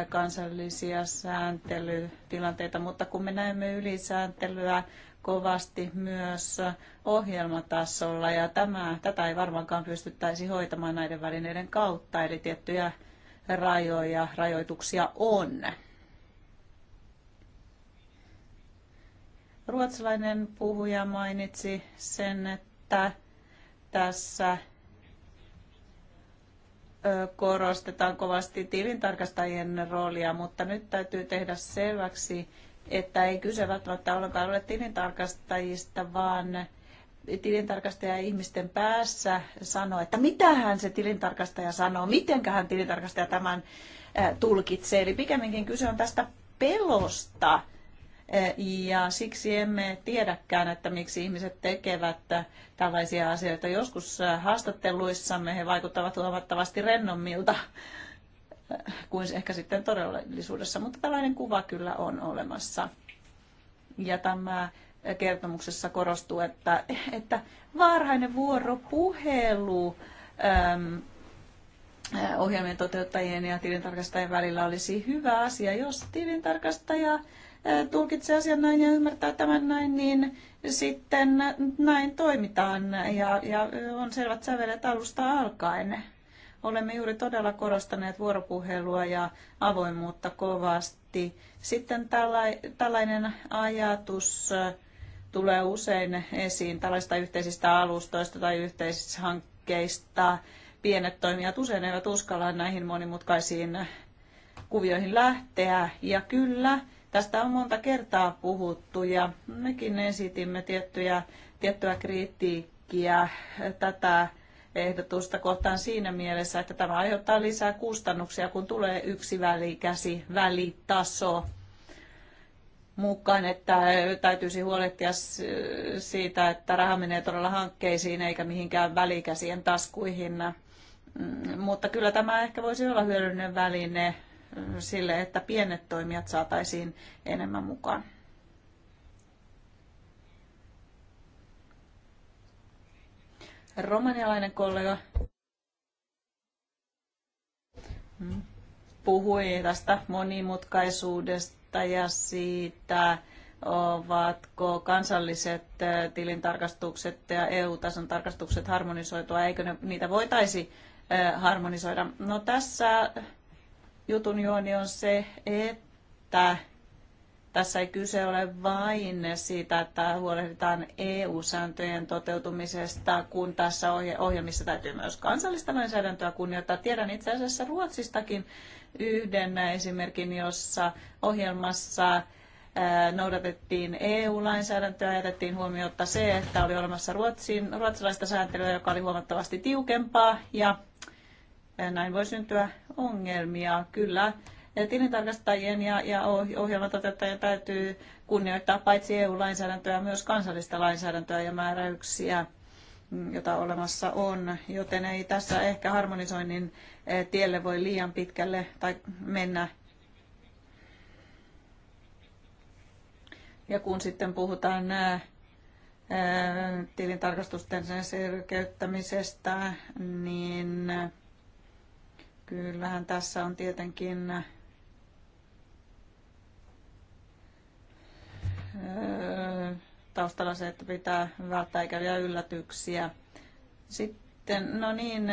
kansallisia sääntelytilanteita, mutta kun me näemme ylisääntelyä kovasti myös ohjelmatasolla ja tämä, tätä ei varmaankaan pystyttäisi hoitamaan näiden välineiden kautta, eli tiettyjä rajoja, rajoituksia on. Ruotsalainen puhuja mainitsi sen, että tässä korostetaan kovasti tilintarkastajien roolia, mutta nyt täytyy tehdä selväksi, että ei kyse välttämättä ollenkaan ole tilintarkastajista, vaan tilintarkastaja ihmisten päässä sanoo, että mitähän se tilintarkastaja sanoo, hän tilintarkastaja tämän tulkitsee. Eli pikemminkin kyse on tästä pelosta, ja siksi emme tiedäkään, että miksi ihmiset tekevät tällaisia asioita. Joskus haastatteluissamme he vaikuttavat huomattavasti rennommilta kuin ehkä sitten todellisuudessa, mutta tällainen kuva kyllä on olemassa. Ja tämä kertomuksessa korostuu, että, että varhainen vuoropuhelu äm, äh, ohjelmien toteuttajien ja tilintarkastajien välillä olisi hyvä asia, jos tilintarkastaja tulkitsee asian näin ja ymmärtää tämän näin, niin sitten näin toimitaan ja, ja on selvät sävelet alusta alkaen. Olemme juuri todella korostaneet vuoropuhelua ja avoimuutta kovasti. Sitten tällainen ajatus tulee usein esiin tällaista yhteisistä alustoista tai yhteisistä hankkeista. Pienet toimijat usein eivät uskalla näihin monimutkaisiin kuvioihin lähteä. Ja kyllä, Tästä on monta kertaa puhuttu ja mekin esitimme tiettyjä, tiettyä kritiikkiä tätä ehdotusta kohtaan siinä mielessä, että tämä aiheuttaa lisää kustannuksia, kun tulee yksi välikäsi välitaso mukaan, että täytyisi huolehtia siitä, että raha menee todella hankkeisiin eikä mihinkään välikäsien taskuihin. Mm, mutta kyllä tämä ehkä voisi olla hyödyllinen väline sille, että pienet toimijat saataisiin enemmän mukaan. Romanialainen kollega puhui tästä monimutkaisuudesta ja siitä, ovatko kansalliset tilintarkastukset ja EU-tason tarkastukset harmonisoitua, eikö ne, niitä voitaisi harmonisoida. No tässä jutun juoni on se, että tässä ei kyse ole vain siitä, että huolehditaan EU-sääntöjen toteutumisesta, kun tässä ohjelmissa täytyy myös kansallista lainsäädäntöä kunnioittaa. Tiedän itse asiassa Ruotsistakin yhden esimerkin, jossa ohjelmassa noudatettiin EU-lainsäädäntöä ja jätettiin huomiota se, että oli olemassa Ruotsin, ruotsalaista sääntelyä, joka oli huomattavasti tiukempaa ja näin voi syntyä ongelmia. Kyllä tilintarkastajien ja, ja ohjelmatoteuttajien täytyy kunnioittaa paitsi EU-lainsäädäntöä myös kansallista lainsäädäntöä ja määräyksiä mm, jota olemassa on, joten ei tässä ehkä harmonisoinnin eh, tielle voi liian pitkälle tai mennä. Ja kun sitten puhutaan eh, eh, tilintarkastusten sen selkeyttämisestä, niin Kyllähän tässä on tietenkin äh, taustalla se, että pitää välttää ikäviä yllätyksiä. Sitten, no niin,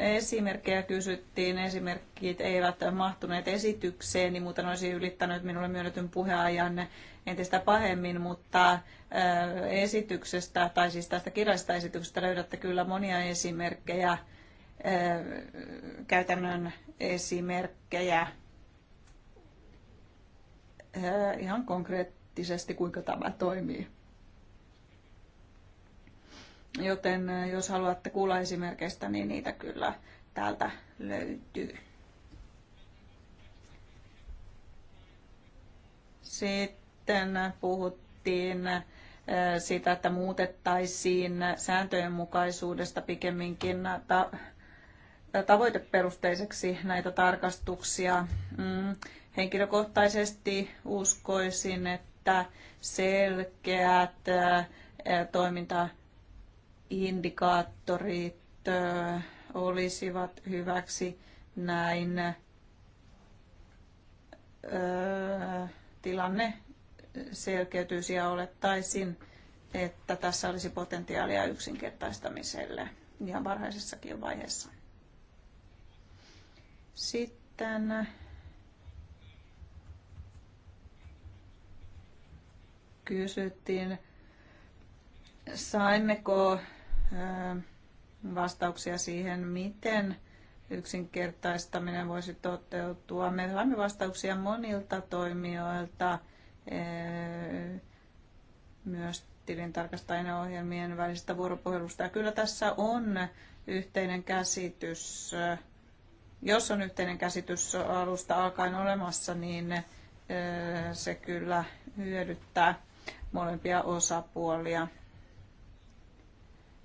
esimerkkejä kysyttiin. Esimerkit eivät mahtuneet esitykseen, niin muuten olisi ylittänyt minulle myönnetyn puheajan entistä pahemmin, mutta äh, esityksestä, tai siis tästä kirjallisesta esityksestä löydätte kyllä monia esimerkkejä käytännön esimerkkejä ihan konkreettisesti, kuinka tämä toimii. Joten jos haluatte kuulla esimerkkeistä, niin niitä kyllä täältä löytyy. Sitten puhuttiin sitä, että muutettaisiin sääntöjen mukaisuudesta pikemminkin tavoiteperusteiseksi näitä tarkastuksia. Mm, henkilökohtaisesti uskoisin, että selkeät toimintaindikaattorit olisivat hyväksi näin tilanne selkeytyisi ja olettaisin, että tässä olisi potentiaalia yksinkertaistamiselle ihan varhaisessakin vaiheessa. Sitten kysyttiin, saimmeko vastauksia siihen, miten yksinkertaistaminen voisi toteutua. Me saimme vastauksia monilta toimijoilta, myös tilintarkastajien ohjelmien välisestä vuoropuhelusta. Ja kyllä tässä on yhteinen käsitys jos on yhteinen käsitys alusta alkaen olemassa, niin se kyllä hyödyttää molempia osapuolia.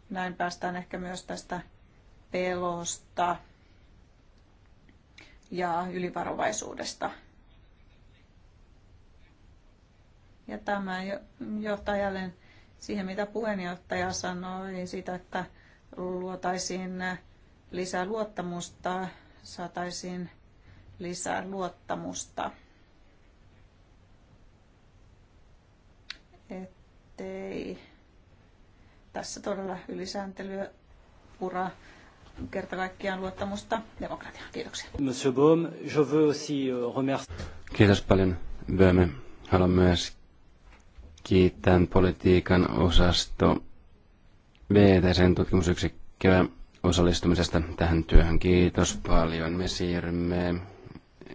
Näin päästään ehkä myös tästä pelosta ja ylivarovaisuudesta. Ja tämä johtaa jälleen siihen, mitä puheenjohtaja sanoi, siitä, että luotaisiin lisää luottamusta saataisiin lisää luottamusta. Ettei tässä todella ylisääntelyä pura kerta kaikkiaan luottamusta demokratiaan. Kiitoksia. Monsieur Baum, je veux aussi euh, remercier... Kiitos paljon, Böhme. Haluan myös kiittää politiikan osasto B, sen tutkimusyksikköä osallistumisesta tähän työhön. Kiitos paljon. Me siirrymme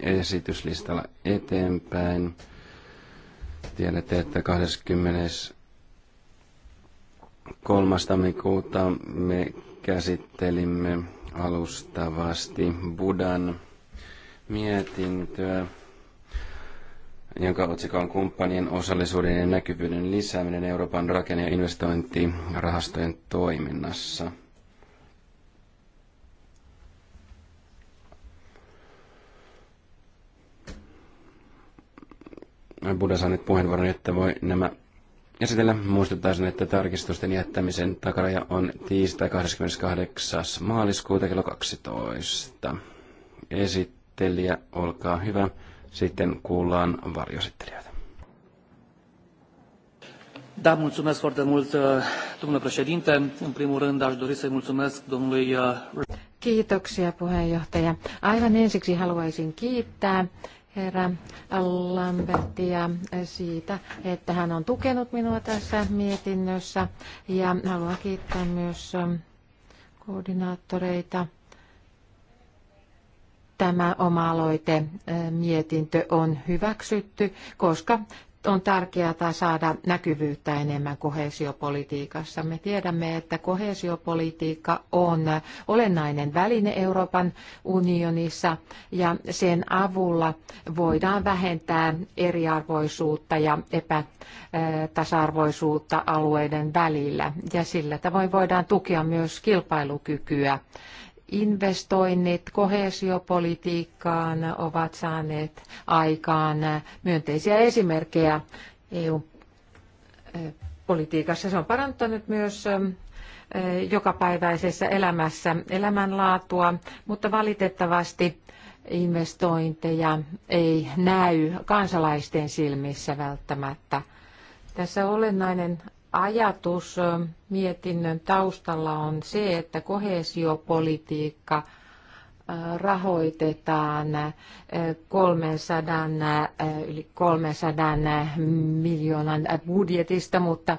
esityslistalla eteenpäin. Tiedätte, että 23. tammikuuta me käsittelimme alustavasti Budan mietintöä, jonka otsikko on kumppanien osallisuuden ja näkyvyyden lisääminen Euroopan rakenne- ja investointirahastojen toiminnassa. Buddha saa nyt puheenvuoron, että voi nämä esitellä. Muistuttaisin, että tarkistusten jättämisen takaraja on tiistai 28. maaliskuuta kello 12. Esittelijä, olkaa hyvä. Sitten kuullaan varjoesittelijöitä. Da, mulțumesc foarte mult, uh, domnule președinte. În primul rând, aș dori să-i mulțumesc domnului... Uh, Kiitoksia, puheenjohtaja. Aivan ensiksi haluaisin kiittää herra Lambertia siitä, että hän on tukenut minua tässä mietinnössä ja haluan kiittää myös ähm, koordinaattoreita. Tämä oma-aloite äh, mietintö on hyväksytty, koska on tärkeää saada näkyvyyttä enemmän kohesiopolitiikassa. Me tiedämme, että kohesiopolitiikka on olennainen väline Euroopan unionissa ja sen avulla voidaan vähentää eriarvoisuutta ja epätasa-arvoisuutta alueiden välillä ja sillä tavoin voidaan tukea myös kilpailukykyä investoinnit kohesiopolitiikkaan ovat saaneet aikaan myönteisiä esimerkkejä EU-politiikassa. Se on parantanut myös jokapäiväisessä elämässä elämänlaatua, mutta valitettavasti investointeja ei näy kansalaisten silmissä välttämättä. Tässä olennainen ajatus mietinnön taustalla on se, että kohesiopolitiikka rahoitetaan 300, yli 300 miljoonan budjetista, mutta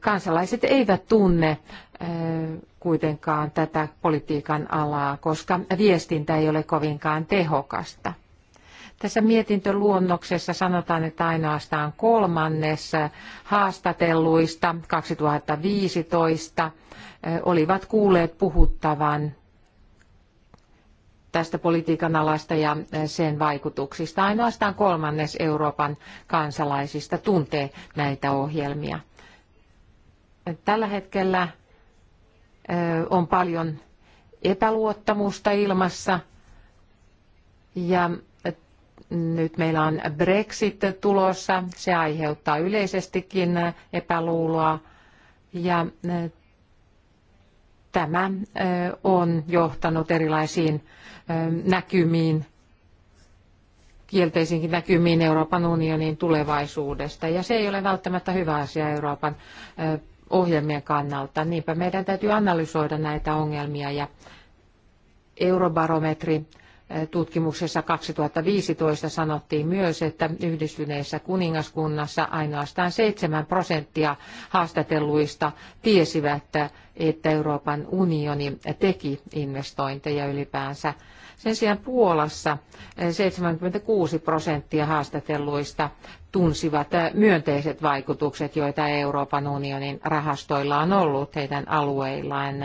kansalaiset eivät tunne kuitenkaan tätä politiikan alaa, koska viestintä ei ole kovinkaan tehokasta. Tässä mietintöluonnoksessa sanotaan, että ainoastaan kolmannes haastatelluista 2015 olivat kuulleet puhuttavan tästä politiikan alasta ja sen vaikutuksista. Ainoastaan kolmannes Euroopan kansalaisista tuntee näitä ohjelmia. Tällä hetkellä on paljon epäluottamusta ilmassa ja nyt meillä on Brexit tulossa. Se aiheuttaa yleisestikin epäluuloa ja e, tämä e, on johtanut erilaisiin e, näkymiin, kielteisiinkin näkymiin Euroopan unionin tulevaisuudesta. Ja se ei ole välttämättä hyvä asia Euroopan ohjelmien kannalta. Niinpä meidän täytyy analysoida näitä ongelmia ja eurobarometri tutkimuksessa 2015 sanottiin myös, että yhdistyneessä kuningaskunnassa ainoastaan 7 prosenttia haastatelluista tiesivät, että Euroopan unioni teki investointeja ylipäänsä. Sen sijaan Puolassa 76 prosenttia haastatelluista tunsivat myönteiset vaikutukset, joita Euroopan unionin rahastoilla on ollut heidän alueillaan.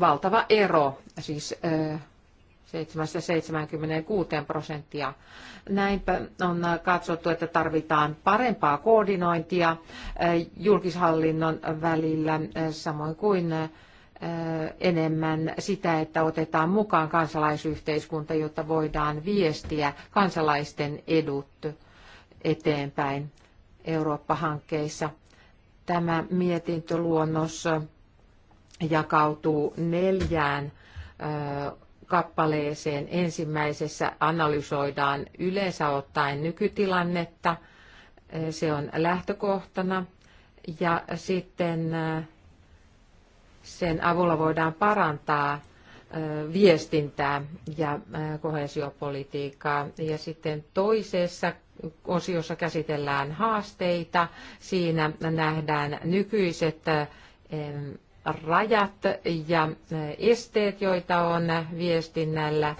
Valtava ero siis 7-76 prosenttia. Näinpä on katsottu, että tarvitaan parempaa koordinointia eh, julkishallinnon välillä, eh, samoin kuin eh, enemmän sitä, että otetaan mukaan kansalaisyhteiskunta, jotta voidaan viestiä kansalaisten edut eteenpäin Eurooppa-hankkeissa. Tämä mietintöluonnos jakautuu neljään kappaleeseen. Ensimmäisessä analysoidaan yleensä ottaen nykytilannetta, se on lähtökohtana, ja sitten sen avulla voidaan parantaa viestintää ja kohesiopolitiikkaa. Ja sitten toisessa osiossa käsitellään haasteita. Siinä nähdään nykyiset rajat ja e, esteet, joita on viestinnällä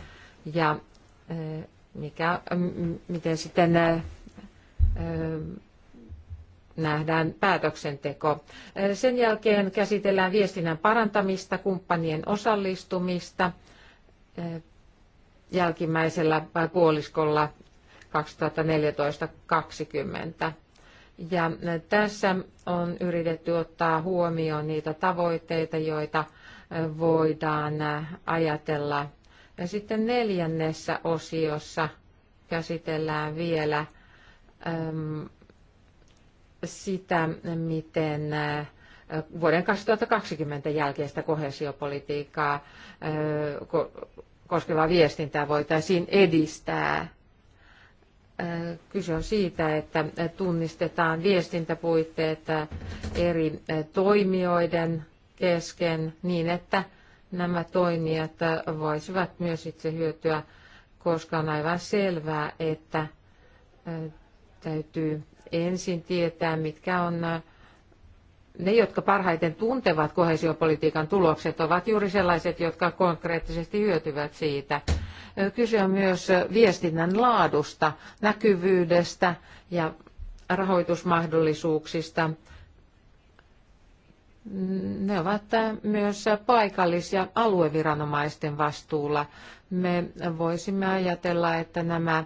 ja e, mikä, miten sitten e, nähdään päätöksenteko. Sen jälkeen käsitellään viestinnän parantamista, kumppanien osallistumista jälkimmäisellä puoliskolla 2014-2020. Ja tässä on yritetty ottaa huomioon niitä tavoitteita, joita voidaan ajatella. Ja sitten neljännessä osiossa käsitellään vielä sitä, miten vuoden 2020 jälkeistä kohesiopolitiikkaa koskevaa viestintää voitaisiin edistää Kyse on siitä, että tunnistetaan viestintäpuitteet eri toimijoiden kesken niin, että nämä toimijat voisivat myös itse hyötyä, koska on aivan selvää, että täytyy ensin tietää, mitkä on ne, jotka parhaiten tuntevat kohesiopolitiikan tulokset, ovat juuri sellaiset, jotka konkreettisesti hyötyvät siitä. Kyse on myös viestinnän laadusta, näkyvyydestä ja rahoitusmahdollisuuksista. Ne ovat myös paikallis- ja alueviranomaisten vastuulla. Me voisimme ajatella, että nämä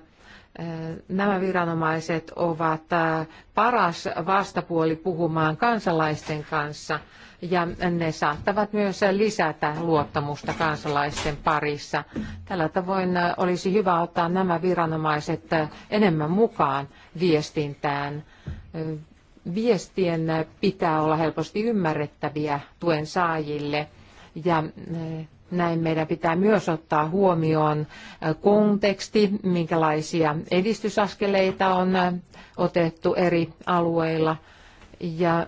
eh, nämä viranomaiset ovat eh, paras vastapuoli puhumaan kansalaisten kanssa ja ne saattavat myös lisätä luottamusta kansalaisten parissa. Tällä tavoin olisi hyvä ottaa nämä viranomaiset enemmän mukaan viestintään. Viestien pitää olla helposti ymmärrettäviä tuen saajille ja eh, näin meidän pitää myös ottaa huomioon eh, konteksti, minkälaisia edistysaskeleita on eh, otettu eri alueilla. Ja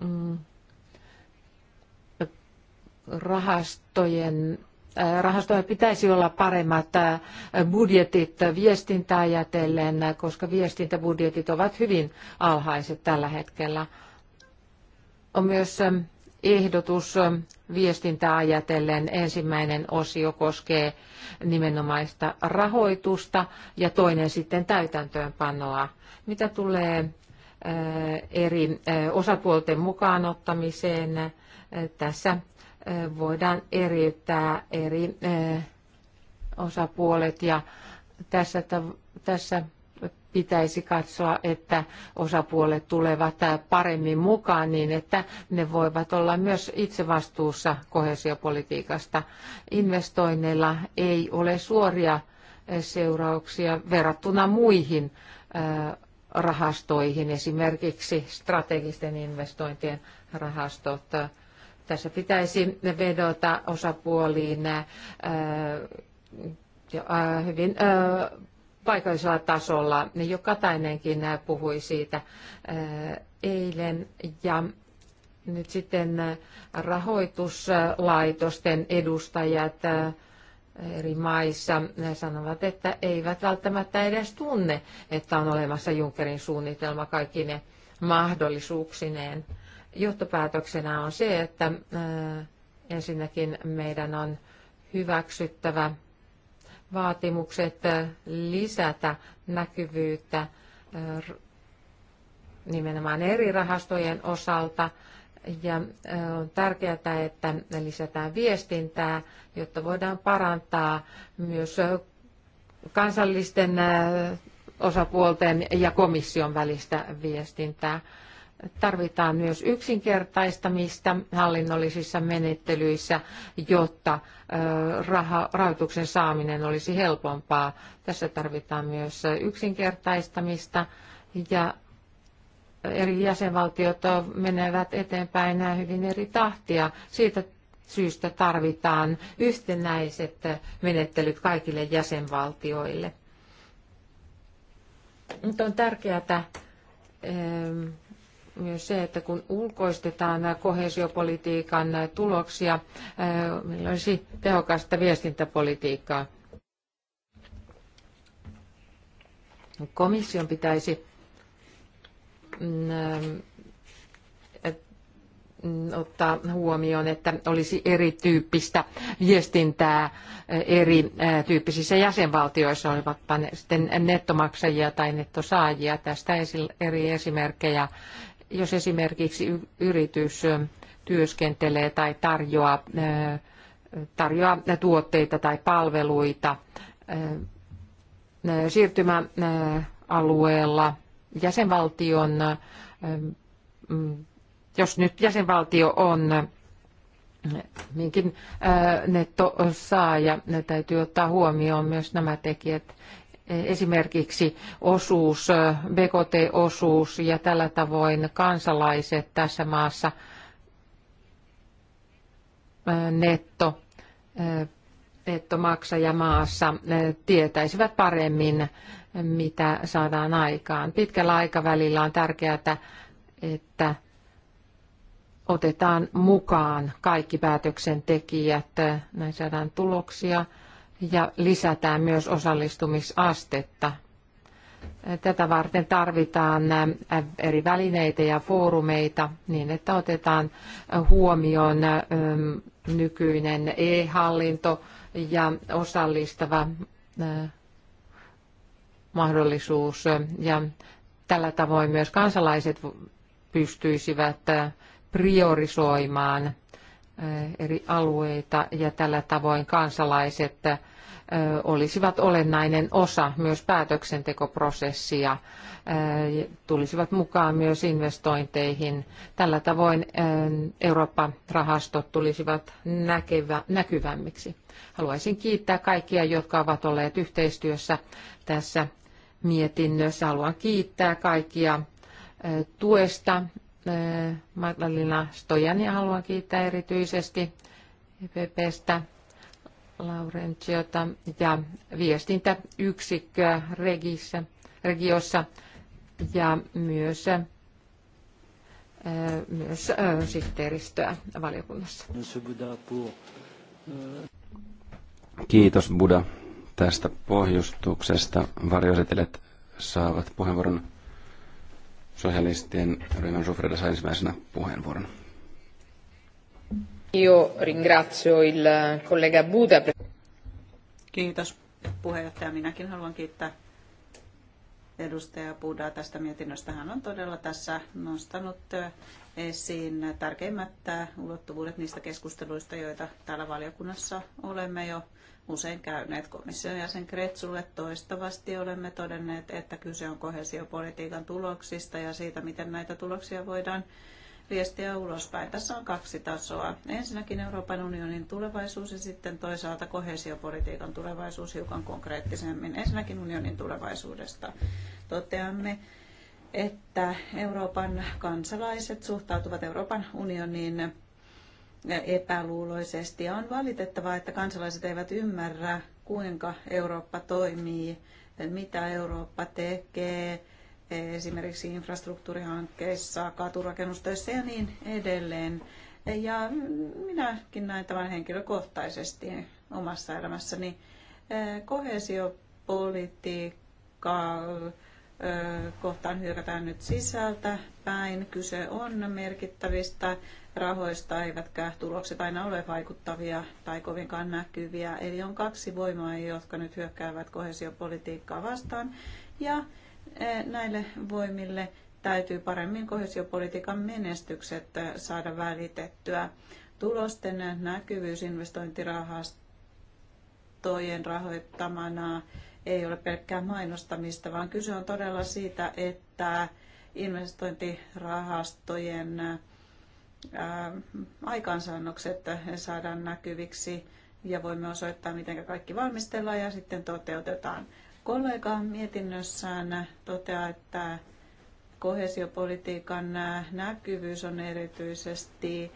Mm. rahastojen äh, Rahastoja pitäisi olla paremmat äh, budjetit viestintää ajatellen, koska viestintäbudjetit ovat hyvin alhaiset tällä hetkellä. On myös ähm, ehdotus ähm, viestintää ajatellen. Ensimmäinen osio koskee nimenomaista rahoitusta ja toinen sitten täytäntöönpanoa. Mitä tulee eri osapuolten mukaanottamiseen. Tässä voidaan eriyttää eri osapuolet ja tässä, tässä pitäisi katsoa, että osapuolet tulevat paremmin mukaan niin, että ne voivat olla myös itse vastuussa kohesiopolitiikasta. Investoinneilla ei ole suoria seurauksia verrattuna muihin rahastoihin, esimerkiksi strategisten investointien rahastot. Tässä pitäisi vedota osapuoliin hyvin paikallisella tasolla. Jo Katainenkin puhui siitä eilen. Ja nyt sitten rahoituslaitosten edustajat eri maissa sanovat, että eivät välttämättä edes tunne, että on olemassa Junckerin suunnitelma kaikki ne mahdollisuuksineen. Johtopäätöksenä on se, että äh, ensinnäkin meidän on hyväksyttävä vaatimukset äh, lisätä näkyvyyttä äh, nimenomaan eri rahastojen osalta ja on tärkeää, että lisätään viestintää, jotta voidaan parantaa myös kansallisten osapuolten ja komission välistä viestintää. Tarvitaan myös yksinkertaistamista hallinnollisissa menettelyissä, jotta raha, rahoituksen saaminen olisi helpompaa. Tässä tarvitaan myös yksinkertaistamista ja eri jäsenvaltiot menevät eteenpäin hyvin eri tahtia. Siitä syystä tarvitaan yhtenäiset menettelyt kaikille jäsenvaltioille. Mutta on tärkeää ehm, myös se, että kun ulkoistetaan kohesiopolitiikan tuloksia, ehm, meillä olisi tehokasta viestintäpolitiikkaa. Komission pitäisi ottaa huomioon, että olisi erityyppistä viestintää eri tyyppisissä jäsenvaltioissa, olivatpa ne sitten nettomaksajia tai nettosaajia. Tästä eri esimerkkejä. Jos esimerkiksi yritys työskentelee tai tarjoaa, tarjoaa tuotteita tai palveluita siirtymäalueella, jäsenvaltion, ähm, mm, jos nyt jäsenvaltio on minkin äh, äh, nettosaaja, ne täytyy ottaa huomioon myös nämä tekijät, e, esimerkiksi osuus, äh, BKT-osuus ja tällä tavoin kansalaiset tässä maassa netto, nettomaksajamaassa tietäisivät paremmin mitä saadaan aikaan. Pitkällä aikavälillä on tärkeää, että otetaan mukaan kaikki päätöksentekijät, näin saadaan tuloksia ja lisätään myös osallistumisastetta. Tätä varten tarvitaan äh, eri välineitä ja foorumeita niin, että otetaan huomioon ähm, nykyinen e-hallinto ja osallistava äh, mahdollisuus ja tällä tavoin myös kansalaiset pystyisivät priorisoimaan eh, eri alueita ja tällä tavoin kansalaiset eh, olisivat olennainen osa myös päätöksentekoprosessia, eh, tulisivat mukaan myös investointeihin. Tällä tavoin Eurooppa-rahastot tulisivat näkevä, näkyvämmiksi. Haluaisin kiittää kaikkia, jotka ovat olleet yhteistyössä tässä mietinnössä. Haluan kiittää kaikkia tuesta. Madalina Stojania haluan kiittää erityisesti EPPstä, Laurentiota ja viestintäyksikköä Regissä, Regiossa ja myös myös sihteeristöä valiokunnassa. Kiitos Buda tästä pohjustuksesta. Varjoesitelijät saavat puheenvuoron sosialistien ryhmän Sufreda saa ensimmäisenä puheenvuoron. Io ringrazio il collega Buda. Kiitos puheenjohtaja. Minäkin haluan kiittää edustaja Budaa tästä mietinnöstä. Hän on todella tässä nostanut esiin tärkeimmät ulottuvuudet niistä keskusteluista, joita täällä valiokunnassa olemme jo usein käyneet. Komission jäsen Kretsulle toistavasti olemme todenneet, että kyse on kohesiopolitiikan tuloksista ja siitä, miten näitä tuloksia voidaan viestiä ulospäin. Tässä on kaksi tasoa. Ensinnäkin Euroopan unionin tulevaisuus ja sitten toisaalta kohesiopolitiikan tulevaisuus hiukan konkreettisemmin. Ensinnäkin unionin tulevaisuudesta toteamme, että Euroopan kansalaiset suhtautuvat Euroopan unioniin epäluuloisesti. Ja on valitettavaa, että kansalaiset eivät ymmärrä, kuinka Eurooppa toimii, mitä Eurooppa tekee, esimerkiksi infrastruktuurihankkeissa, katurakennustöissä ja niin edelleen. Ja minäkin näin tämän henkilökohtaisesti omassa elämässäni. Kohesiopolitiikka kohtaan hyökätään nyt sisältä päin. Kyse on merkittävistä rahoista eivätkä tulokset aina ole vaikuttavia tai kovinkaan näkyviä. Eli on kaksi voimaa, jotka nyt hyökkäävät kohesiopolitiikkaa vastaan. Ja e, näille voimille täytyy paremmin kohesiopolitiikan menestykset e, saada välitettyä. Tulosten näkyvyys investointirahastojen rahoittamana ei ole pelkkää mainostamista, vaan kyse on todella siitä, että investointirahastojen aikaansaannokset saadaan näkyviksi ja voimme osoittaa, miten kaikki valmistellaan ja sitten toteutetaan. Kollega mietinnössään toteaa, että kohesiopolitiikan näkyvyys on erityisesti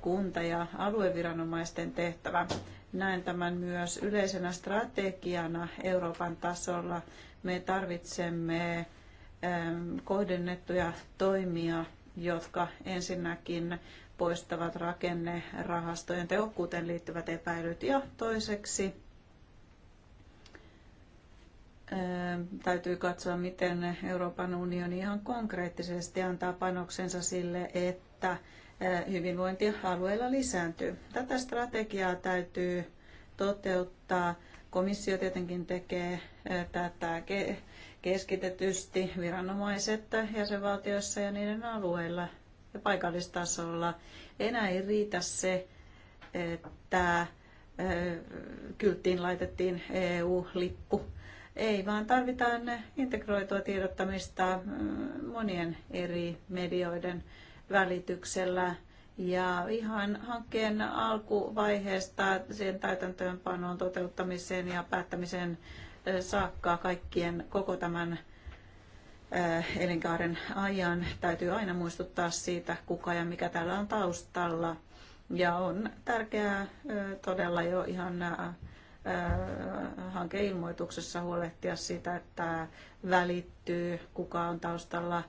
kunta- ja alueviranomaisten tehtävä. Näen tämän myös yleisenä strategiana Euroopan tasolla. Me tarvitsemme kohdennettuja toimia jotka ensinnäkin poistavat rakennerahastojen tehokkuuteen liittyvät epäilyt ja toiseksi täytyy katsoa, miten Euroopan unioni ihan konkreettisesti antaa panoksensa sille, että hyvinvointi alueilla lisääntyy. Tätä strategiaa täytyy toteuttaa. Komissio tietenkin tekee tätä keskitetysti viranomaiset jäsenvaltioissa ja niiden alueilla ja paikallistasolla. Enää ei riitä se, että kylttiin laitettiin EU-lippu. Ei, vaan tarvitaan integroitua tiedottamista monien eri medioiden välityksellä. Ja ihan hankkeen alkuvaiheesta sen täytäntöönpanoon, toteuttamiseen ja päättämiseen saakka kaikkien koko tämän elinkaaren ajan. Täytyy aina muistuttaa siitä, kuka ja mikä täällä on taustalla. Ja on tärkeää todella jo ihan hankeilmoituksessa huolehtia siitä, että välittyy, kuka on taustalla.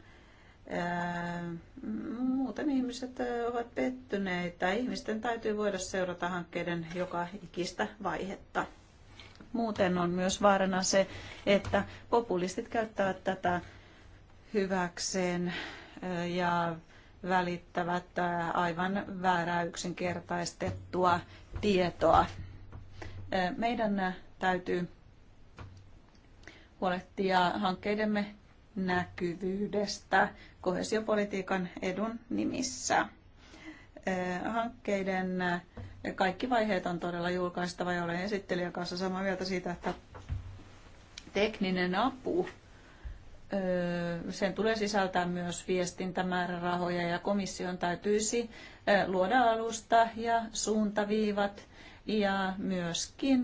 Muuten ihmiset ovat pettyneitä. Ihmisten täytyy voida seurata hankkeiden joka ikistä vaihetta muuten on myös vaarana se, että populistit käyttävät tätä hyväkseen ja välittävät aivan väärää yksinkertaistettua tietoa. Meidän täytyy huolehtia hankkeidemme näkyvyydestä kohesiopolitiikan edun nimissä. Eh, hankkeiden eh, kaikki vaiheet on todella julkaistava ja olen esittelijän kanssa samaa mieltä siitä, että tekninen apu, eh, sen tulee sisältää myös viestintämäärärahoja ja komission täytyisi luoda alusta ja suuntaviivat ja myöskin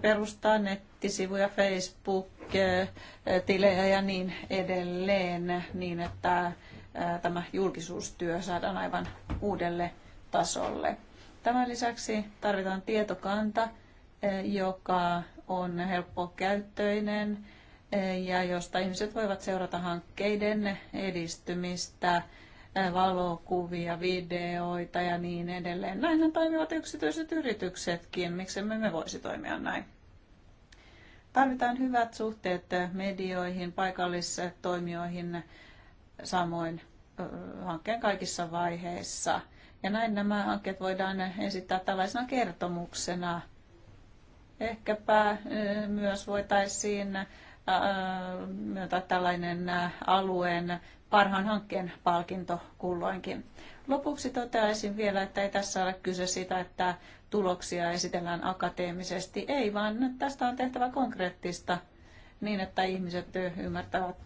perustaa nettisivuja, Facebook-tilejä ja niin edelleen, niin että tämä julkisuustyö saadaan aivan uudelle tasolle. Tämän lisäksi tarvitaan tietokanta, joka on helppokäyttöinen ja josta ihmiset voivat seurata hankkeiden edistymistä, valokuvia, videoita ja niin edelleen. Näinhän toimivat yksityiset yrityksetkin, miksemme me voisi toimia näin. Tarvitaan hyvät suhteet medioihin, paikallisiin toimijoihin, samoin hankkeen kaikissa vaiheissa. Ja näin nämä hankkeet voidaan esittää tällaisena kertomuksena. Ehkäpä myös voitaisiin myöntää tällainen alueen parhaan hankkeen palkinto kulloinkin. Lopuksi toteaisin vielä, että ei tässä ole kyse siitä, että tuloksia esitellään akateemisesti. Ei, vaan tästä on tehtävä konkreettista niin, että ihmiset ymmärtävät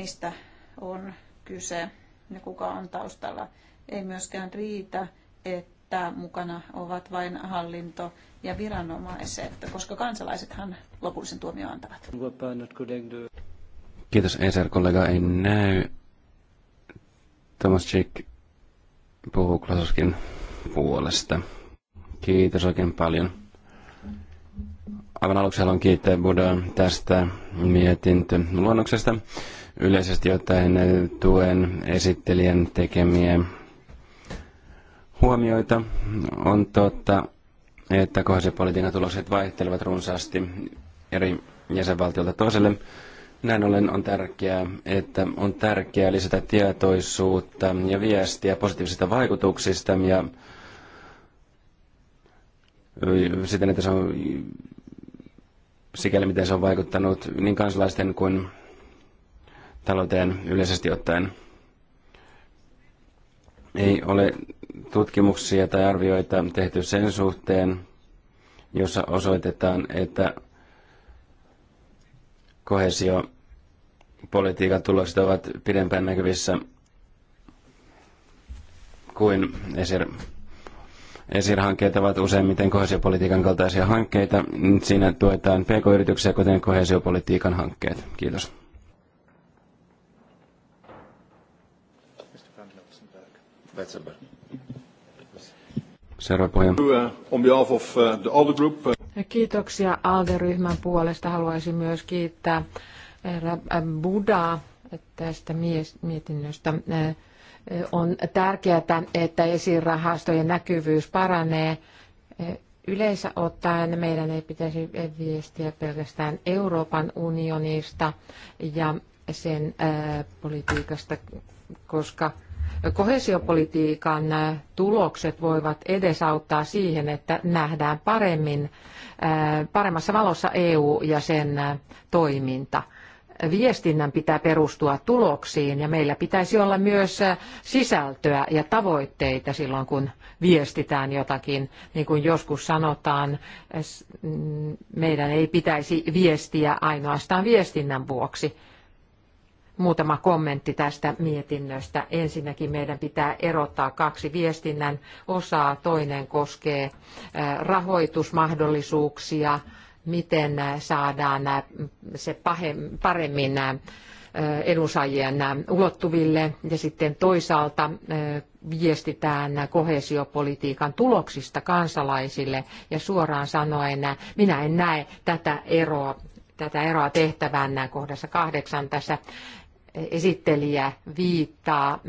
mistä on kyse ja kuka on taustalla. Ei myöskään riitä, että mukana ovat vain hallinto ja viranomaiset, koska kansalaisethan lopullisen tuomio antavat. Kiitos ESR-kollega, en näy. Thomas Chick puhuu Klasoskin puolesta. Kiitos oikein paljon. Aivan aluksi haluan kiittää Budaa tästä mietintöluonnoksesta. luonnoksesta Yleisesti ottaen tuen esittelijän tekemiä huomioita. On totta, että kohdallisuuspolitiikan tulokset vaihtelevat runsaasti eri jäsenvaltiolta toiselle. Näin ollen on tärkeää, että on tärkeää lisätä tietoisuutta ja viestiä positiivisista vaikutuksista ja siten, että se on sikäli miten se on vaikuttanut niin kansalaisten kuin talouteen yleisesti ottaen. Ei ole tutkimuksia tai arvioita tehty sen suhteen, jossa osoitetaan, että kohesiopolitiikan tulokset ovat pidempään näkyvissä kuin esir ESIR-hankkeet ovat useimmiten kohesiopolitiikan kaltaisia hankkeita. Siinä tuetaan pk-yrityksiä, kuten kohesiopolitiikan hankkeet. Kiitos. Uh, uh, Kiitoksia ALDE-ryhmän puolesta. Haluaisin myös kiittää herra äh, Budaa tästä mietinnöstä. Äh, äh, on tärkeää, että esirahastojen näkyvyys paranee. Yleensä ottaen meidän ei pitäisi viestiä pelkästään Euroopan unionista ja sen politiikasta, koska Kohesiopolitiikan tulokset voivat edesauttaa siihen, että nähdään paremmin, paremmassa valossa EU ja sen toiminta. Viestinnän pitää perustua tuloksiin ja meillä pitäisi olla myös sisältöä ja tavoitteita silloin, kun viestitään jotakin. Niin kuin joskus sanotaan, mm, meidän ei pitäisi viestiä ainoastaan viestinnän vuoksi, muutama kommentti tästä mietinnöstä. Ensinnäkin meidän pitää erottaa kaksi viestinnän osaa. Toinen koskee rahoitusmahdollisuuksia, miten saadaan se paremmin edunsaajien ulottuville ja sitten toisaalta viestitään koheesiopolitiikan tuloksista kansalaisille ja suoraan sanoen minä en näe tätä eroa tätä eroa tehtävän kohdassa kahdeksan tässä esittelijä viittaa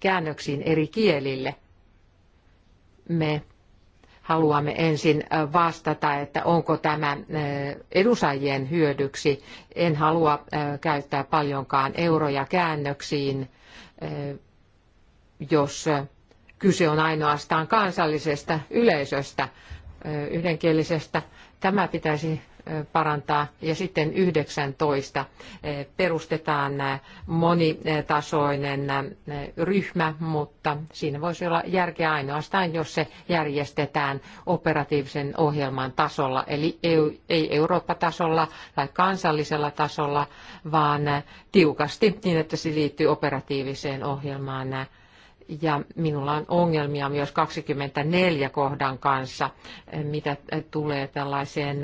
käännöksiin eri kielille. Me haluamme ensin vastata, että onko tämä edusajien hyödyksi. En halua käyttää paljonkaan euroja käännöksiin, jos kyse on ainoastaan kansallisesta yleisöstä, yhdenkielisestä. Tämä pitäisi parantaa. Ja sitten 19 perustetaan monitasoinen ryhmä, mutta siinä voisi olla järkeä ainoastaan, jos se järjestetään operatiivisen ohjelman tasolla, eli ei Eurooppa-tasolla tai kansallisella tasolla, vaan tiukasti niin, että se liittyy operatiiviseen ohjelmaan ja minulla on ongelmia myös 24 kohdan kanssa, mitä tulee tällaiseen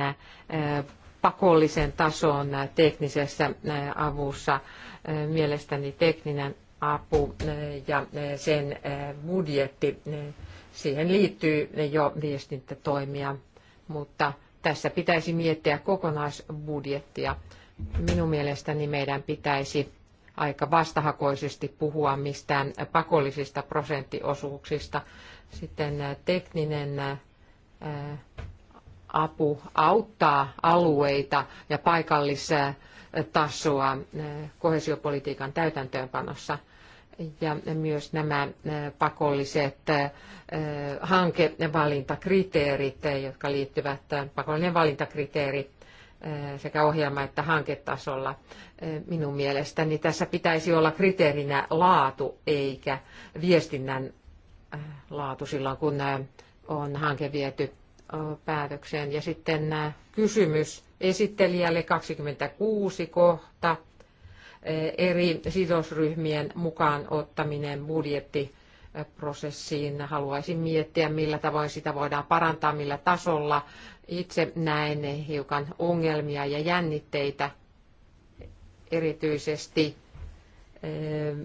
pakollisen tason teknisessä avussa. Mielestäni tekninen apu ja sen budjetti, siihen liittyy jo viestintätoimia, mutta tässä pitäisi miettiä kokonaisbudjettia. Minun mielestäni meidän pitäisi aika vastahakoisesti puhua mistään pakollisista prosenttiosuuksista. Sitten tekninen apu auttaa alueita ja paikallisia tasoa koheesiopolitiikan täytäntöönpanossa. Ja myös nämä pakolliset hankevalintakriteerit, jotka liittyvät, pakollinen valintakriteerit Eh, sekä ohjelma- että hanketasolla. Eh, minun mielestäni tässä pitäisi olla kriteerinä laatu eikä viestinnän eh, laatu silloin, kun on hanke viety päätökseen. Ja sitten kysymys esittelijälle 26 kohta, eri sidosryhmien mukaan ottaminen budjettiprosessiin. Haluaisin miettiä, millä tavoin sitä voidaan parantaa, millä tasolla itse näen hiukan ongelmia ja jännitteitä erityisesti eh,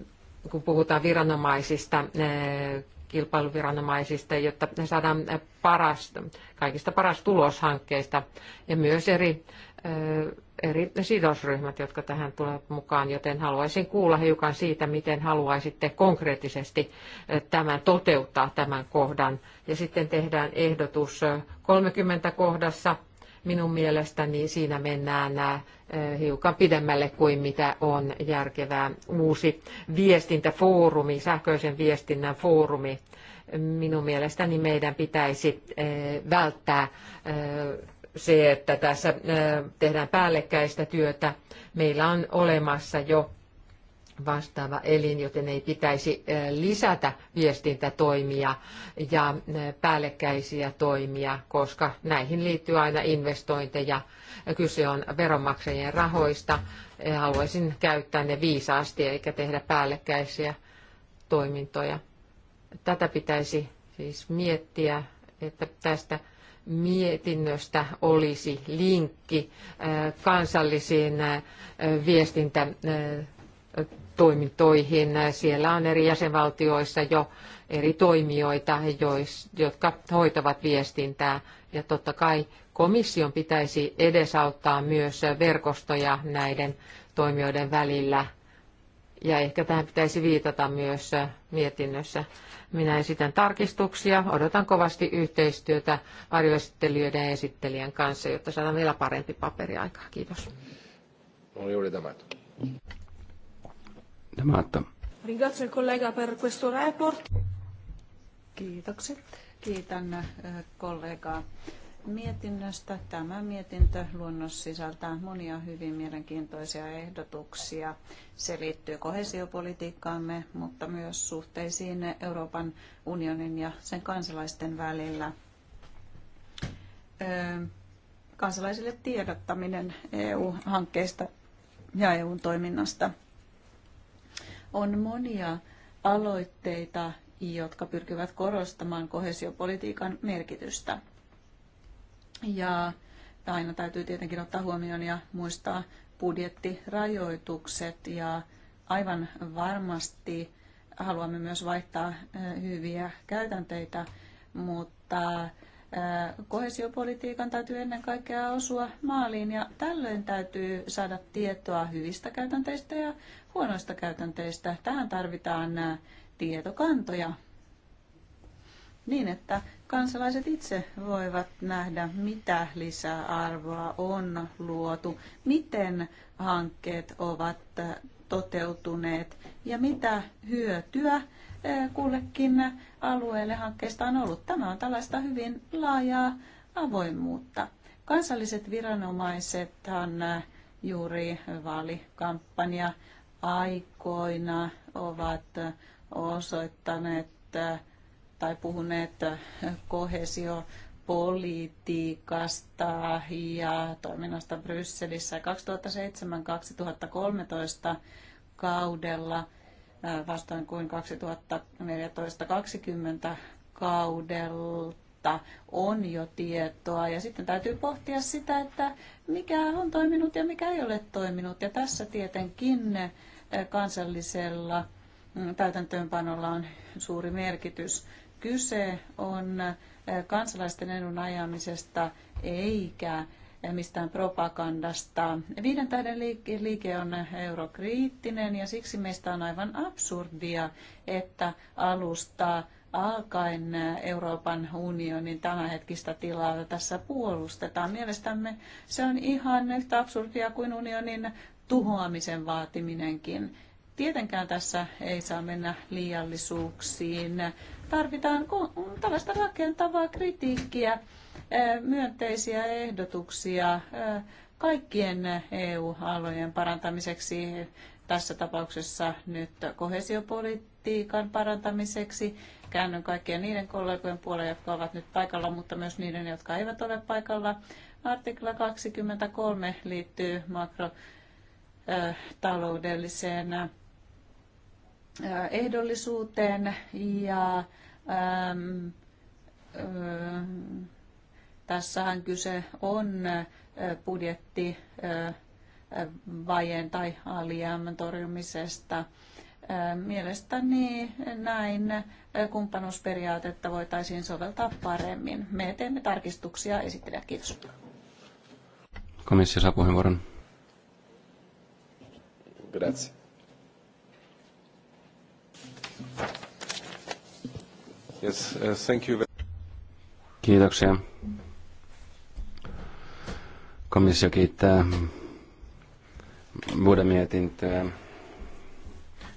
kun puhutaan viranomaisista, eh, kilpailuviranomaisista, jotta saadaan paras, kaikista paras tuloshankkeista ja myös eri eh, eri sidosryhmät, jotka tähän tulevat mukaan, joten haluaisin kuulla hiukan siitä, miten haluaisitte konkreettisesti eh, tämän toteuttaa tämän kohdan. Ja sitten tehdään ehdotus 30 eh, kohdassa. Minun mielestäni siinä mennään eh, hiukan pidemmälle kuin mitä on järkevää uusi viestintäfoorumi, sähköisen viestinnän foorumi. Minun mielestäni meidän pitäisi välttää se, että tässä äh, tehdään päällekkäistä työtä. Meillä on olemassa jo vastaava elin, joten ei pitäisi äh, lisätä viestintätoimia ja äh, päällekkäisiä toimia, koska näihin liittyy aina investointeja. Kyse on veronmaksajien rahoista. Haluaisin käyttää ne viisaasti eikä tehdä päällekkäisiä toimintoja. Tätä pitäisi siis miettiä, että tästä mietinnöstä olisi linkki äh, kansallisiin äh, viestintätoimintoihin. Äh, siellä on eri jäsenvaltioissa jo eri toimijoita, jotka hoitavat viestintää. Ja totta kai komission pitäisi edesauttaa myös verkostoja näiden toimijoiden välillä – ja ehkä tähän pitäisi viitata myös äh, mietinnössä. Minä esitän tarkistuksia. Odotan kovasti yhteistyötä varjoesittelijöiden ja esittelijän kanssa, jotta saadaan vielä parempi paperi aikaa. Kiitos. On juuri tämä. Tämä, että... Ringrazio il collega per questo report. Kiitokset. Kiitän äh, kollegaa mietinnöstä. Tämä luonnos sisältää monia hyvin mielenkiintoisia ehdotuksia. Se liittyy kohesiopolitiikkaamme, mutta myös suhteisiin Euroopan unionin ja sen kansalaisten välillä. Kansalaisille tiedottaminen EU-hankkeista ja EUn toiminnasta. On monia aloitteita, jotka pyrkivät korostamaan kohesiopolitiikan merkitystä. Ja aina täytyy tietenkin ottaa huomioon ja muistaa budjettirajoitukset ja aivan varmasti haluamme myös vaihtaa hyviä käytänteitä, mutta kohesiopolitiikan täytyy ennen kaikkea osua maaliin ja tällöin täytyy saada tietoa hyvistä käytänteistä ja huonoista käytänteistä. Tähän tarvitaan tietokantoja niin, että kansalaiset itse voivat nähdä, mitä lisäarvoa on luotu, miten hankkeet ovat toteutuneet ja mitä hyötyä eh, kullekin alueelle hankkeesta on ollut. Tämä on tällaista hyvin laajaa avoimuutta. Kansalliset viranomaisethan eh, juuri vaalikampanja aikoina ovat osoittaneet eh, tai puhuneet kohesio ja toiminnasta Brysselissä. 2007-2013 kaudella vastoin kuin 2014-2020 kaudelta on jo tietoa. Ja sitten täytyy pohtia sitä, että mikä on toiminut ja mikä ei ole toiminut. Ja tässä tietenkin kansallisella mm, täytäntöönpanolla on suuri merkitys. Kyse on eh, kansalaisten edun ajamisesta eikä eh, mistään propagandasta. Viiden tähden liike on eh, eurokriittinen ja siksi meistä on aivan absurdia, että alusta alkaen Euroopan unionin tämänhetkistä tilaa tässä puolustetaan. Mielestämme se on ihan yhtä absurdia kuin unionin tuhoamisen vaatiminenkin. Tietenkään tässä ei saa mennä liiallisuuksiin. Tarvitaan tällaista rakentavaa kritiikkiä, eh, myönteisiä ehdotuksia eh, kaikkien EU-alojen parantamiseksi, tässä tapauksessa nyt kohesiopolitiikan parantamiseksi. Käännyn kaikkien niiden kollegojen puolella, jotka ovat nyt paikalla, mutta myös niiden, jotka eivät ole paikalla. Artikla 23 liittyy makrotaloudelliseen eh, ehdollisuuteen ja ähm, ähm, tässähän kyse on budjetti vajeen tai alijäämän torjumisesta. Mielestäni näin kumppanuusperiaatetta voitaisiin soveltaa paremmin. Me teemme tarkistuksia esittelyä. Kiitos. Komissio saa puheenvuoron. Grazie. Yes, uh, thank you. Kiitoksia. Komissio kiittää Buddha-mietintöä.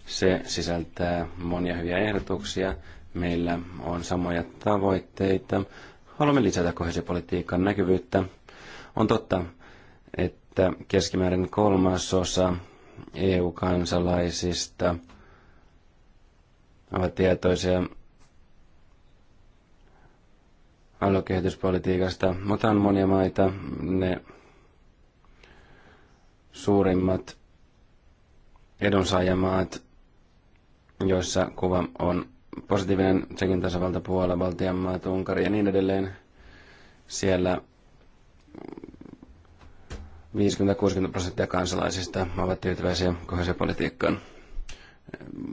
Se sisältää monia hyviä ehdotuksia. Meillä on samoja tavoitteita. Haluamme lisätä kohesiopolitiikan näkyvyyttä. On totta, että keskimäärin kolmasosa EU-kansalaisista – ovat tietoisia aluekehityspolitiikasta, mutta on monia maita, ne suurimmat edunsaajamaat, joissa kuva on positiivinen, Tsekin tasavalta, Puola, Baltian maat, Unkari ja niin edelleen. Siellä 50-60 prosenttia kansalaisista ovat tyytyväisiä kohdalliseen politiikkaan.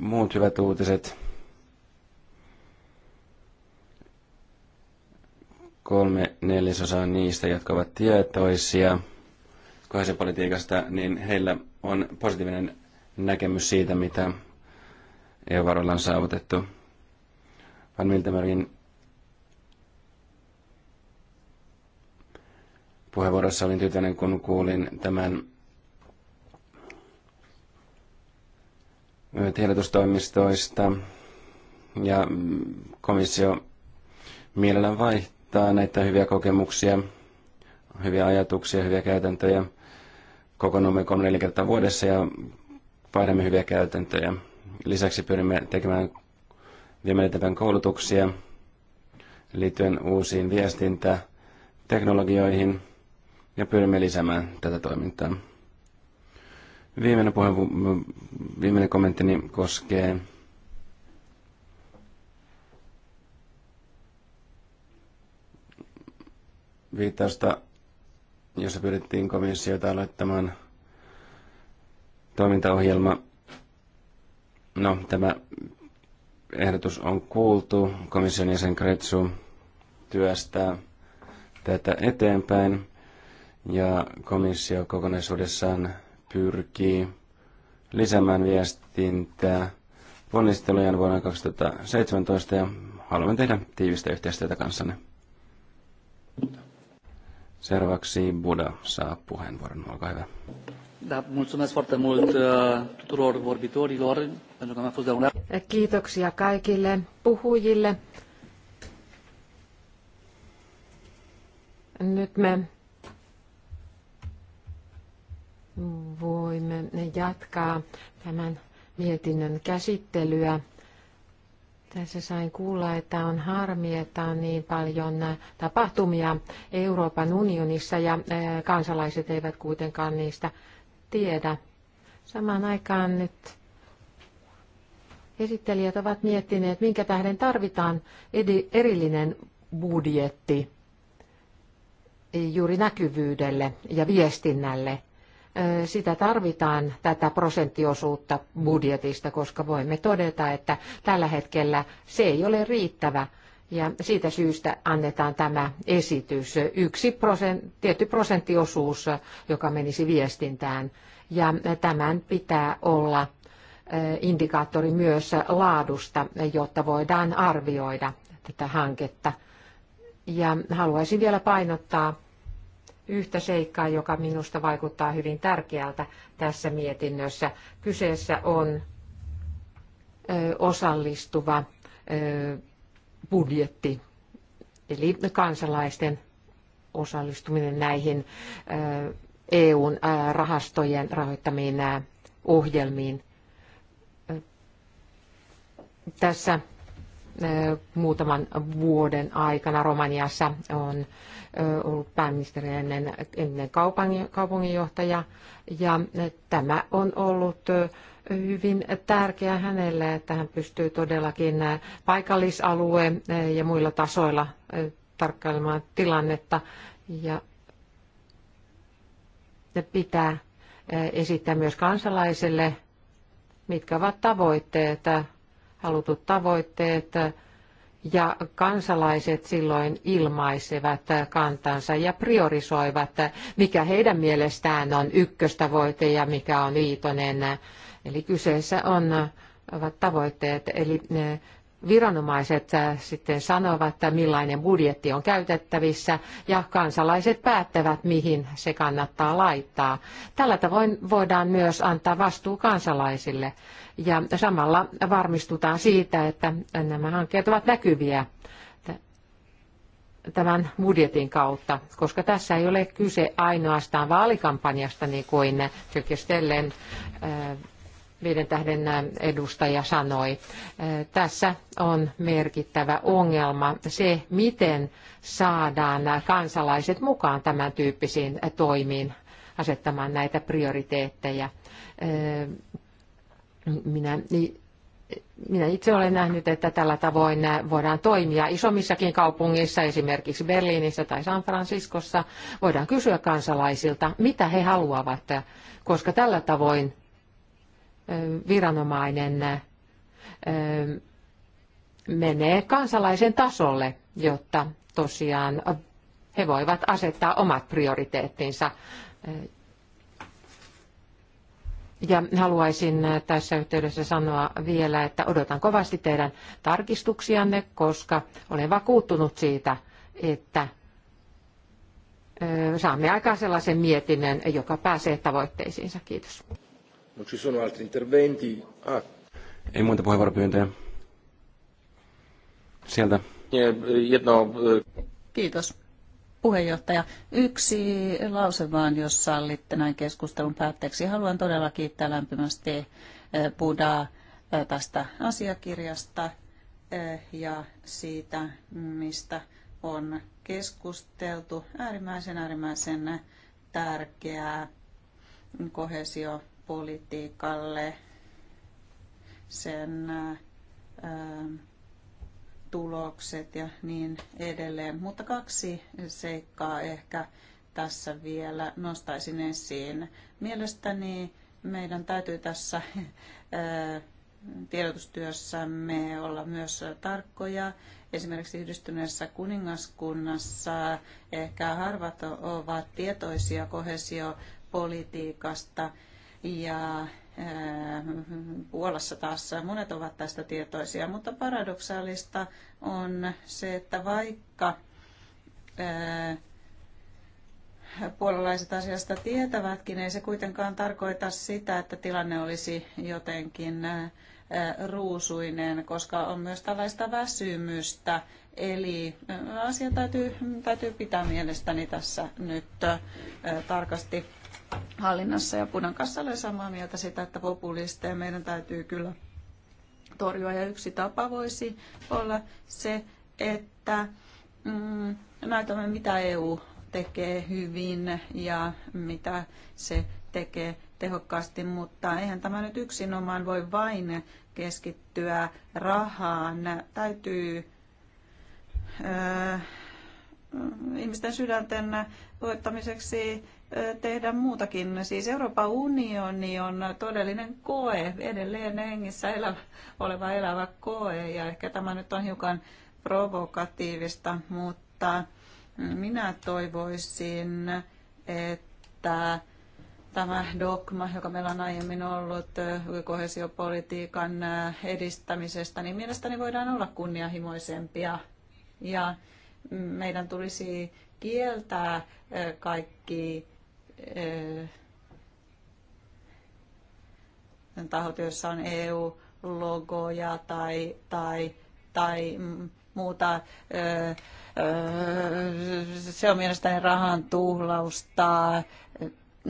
Muut hyvät uutiset kolme neljäsosaa niistä, jotka ovat tietoisia kohesiopolitiikasta, niin heillä on positiivinen näkemys siitä, mitä EU-varoilla on saavutettu. Van Miltemerin puheenvuorossa olin tyytyväinen, kun kuulin tämän tiedotustoimistoista ja komissio mielellään vaihtoehto vaihtaa näitä hyviä kokemuksia, hyviä ajatuksia, hyviä käytäntöjä. Kokonomme kolme neljä kertaa vuodessa ja vaihdamme hyviä käytäntöjä. Lisäksi pyrimme tekemään viemään koulutuksia liittyen uusiin viestintäteknologioihin ja pyrimme lisäämään tätä toimintaa. Viimeinen, puheenvu- viimeinen kommenttini koskee viittausta, jossa pyydettiin komissiota aloittamaan toimintaohjelma. No, tämä ehdotus on kuultu. Komission jäsen Kretsu työstää tätä eteenpäin ja komissio kokonaisuudessaan pyrkii lisäämään viestintää ponnistelujen vuonna 2017 ja haluamme tehdä tiivistä yhteistyötä kanssanne. Seuraavaksi Buda saa puheenvuoron. Olkaa hyvä. Da, mulțumesc foarte mult uh, tuturor vorbitorilor, pentru că am fost de un... Kiitoksia kaikille puhujille. Nyt me voimme jatkaa tämän mietinnön käsittelyä. Tässä sain kuulla, että on harmi, että on niin paljon tapahtumia Euroopan unionissa ja eh, kansalaiset eivät kuitenkaan niistä tiedä. Samaan aikaan nyt esittelijät ovat miettineet, minkä tähden tarvitaan erillinen budjetti juuri näkyvyydelle ja viestinnälle sitä tarvitaan, tätä prosenttiosuutta budjetista, koska voimme todeta, että tällä hetkellä se ei ole riittävä. Ja siitä syystä annetaan tämä esitys, yksi prosent, tietty prosenttiosuus, joka menisi viestintään. Ja tämän pitää olla indikaattori myös laadusta, jotta voidaan arvioida tätä hanketta. Ja haluaisin vielä painottaa yhtä seikkaa, joka minusta vaikuttaa hyvin tärkeältä tässä mietinnössä. Kyseessä on osallistuva budjetti, eli kansalaisten osallistuminen näihin EUn rahastojen rahoittamiin ohjelmiin. Tässä muutaman vuoden aikana Romaniassa on ollut pääministeri ennen, ennen kaupunginjohtaja. Ja tämä on ollut hyvin tärkeää hänelle, että hän pystyy todellakin paikallisalueen ja muilla tasoilla tarkkailemaan tilannetta ja pitää esittää myös kansalaisille, mitkä ovat tavoitteet, halutut tavoitteet, ja kansalaiset silloin ilmaisevat kantansa ja priorisoivat, mikä heidän mielestään on ykköstavoite ja mikä on viitonen. Eli kyseessä on, ovat tavoitteet, eli eh, viranomaiset äh, sitten sanovat, että millainen budjetti on käytettävissä ja kansalaiset päättävät, mihin se kannattaa laittaa. Tällä tavoin voidaan myös antaa vastuu kansalaisille ja samalla varmistutaan siitä, että nämä hankkeet ovat näkyviä tämän budjetin kautta, koska tässä ei ole kyse ainoastaan vaalikampanjasta, niin kuin Tykistellen äh, viiden tähden edustaja sanoi. Tässä on merkittävä ongelma se, miten saadaan kansalaiset mukaan tämän tyyppisiin toimiin asettamaan näitä prioriteetteja. Minä, minä itse olen nähnyt, että tällä tavoin voidaan toimia isommissakin kaupungeissa, esimerkiksi Berliinissä tai San Franciscossa. Voidaan kysyä kansalaisilta, mitä he haluavat, koska tällä tavoin viranomainen menee kansalaisen tasolle, jotta tosiaan he voivat asettaa omat prioriteettinsa. Ja haluaisin tässä yhteydessä sanoa vielä, että odotan kovasti teidän tarkistuksianne, koska olen vakuuttunut siitä, että saamme aikaan sellaisen mietinnön, joka pääsee tavoitteisiinsa. Kiitos. Non ci sono altri interventi. Ah. puheenvuoropyyntöjä. Sieltä. E, Kiitos puheenjohtaja. Yksi lause vaan, jos sallitte näin keskustelun päätteeksi. Haluan todella kiittää lämpimästi e, Budaa e, tästä asiakirjasta ja siitä, mistä on keskusteltu. Äärimmäisen, äärimmäisen tärkeää kohesio politiikalle, sen tulokset ja niin edelleen. Mutta kaksi seikkaa ehkä tässä vielä nostaisin esiin. Mielestäni meidän täytyy tässä tiedotustyössämme olla myös tarkkoja. Esimerkiksi yhdistyneessä kuningaskunnassa ehkä harvat ovat tietoisia kohesiopolitiikasta. politiikasta ja Puolassa taas monet ovat tästä tietoisia, mutta paradoksaalista on se, että vaikka puolalaiset asiasta tietävätkin, ei se kuitenkaan tarkoita sitä, että tilanne olisi jotenkin ruusuinen, koska on myös tällaista väsymystä. Eli asia täytyy, täytyy pitää mielestäni tässä nyt tarkasti hallinnassa. Ja Punan kanssa olen samaa mieltä sitä, että populisteja meidän täytyy kyllä torjua. Ja yksi tapa voisi olla se, että mm, näytämme, mitä EU tekee hyvin ja mitä se tekee tehokkaasti, mutta eihän tämä nyt yksinomaan voi vain keskittyä rahaan. Täytyy äh, ihmisten sydänten voittamiseksi tehdä muutakin. Siis Euroopan unioni on todellinen koe, edelleen hengissä elävä, oleva elävä koe, ja ehkä tämä nyt on hiukan provokatiivista, mutta minä toivoisin, että tämä dogma, joka meillä on aiemmin ollut kohesiopolitiikan edistämisestä, niin mielestäni voidaan olla kunnianhimoisempia. Ja meidän tulisi kieltää kaikki tahot, joissa on EU-logoja tai, tai, tai muuta. Se on mielestäni rahan tuhlausta.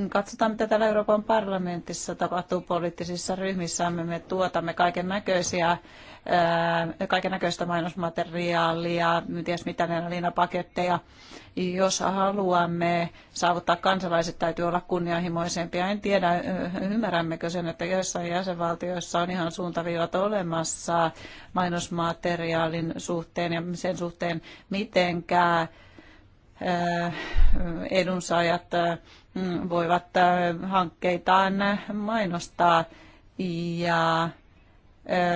Katsotaan, mitä täällä Euroopan parlamentissa tapahtuu poliittisissa ryhmissämme. Me tuotamme kaiken näköisiä Kaiken näköistä mainosmateriaalia, ties mitä paketteja. Jos haluamme saavuttaa kansalaiset, täytyy olla kunnianhimoisempia. En tiedä, ymmärrämmekö sen, että joissain jäsenvaltioissa on ihan suuntaviivat olemassa mainosmateriaalin suhteen ja sen suhteen, mitenkään edunsaajat voivat hankkeitaan mainostaa ja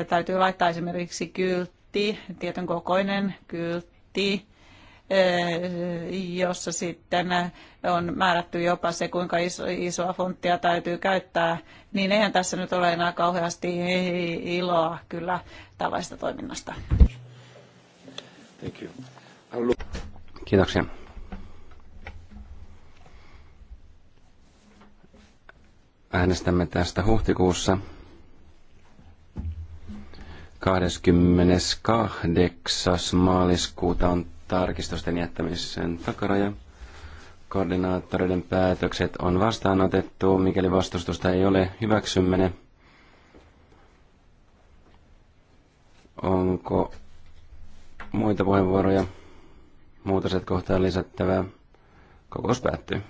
täytyy laittaa esimerkiksi kyltti, tietyn kokoinen kyltti, jossa sitten on määrätty jopa se, kuinka iso, isoa fonttia täytyy käyttää, niin eihän tässä nyt ole enää kauheasti iloa kyllä tällaista toiminnasta. Thank you. Kiitoksia. Äänestämme tästä huhtikuussa. 28. maaliskuuta on tarkistusten jättämisen takaraja. Koordinaattoreiden päätökset on vastaanotettu. Mikäli vastustusta ei ole, hyväksymme ne. Onko muita puheenvuoroja? Muutoset kohtaan lisättävää. Kokous päättyy.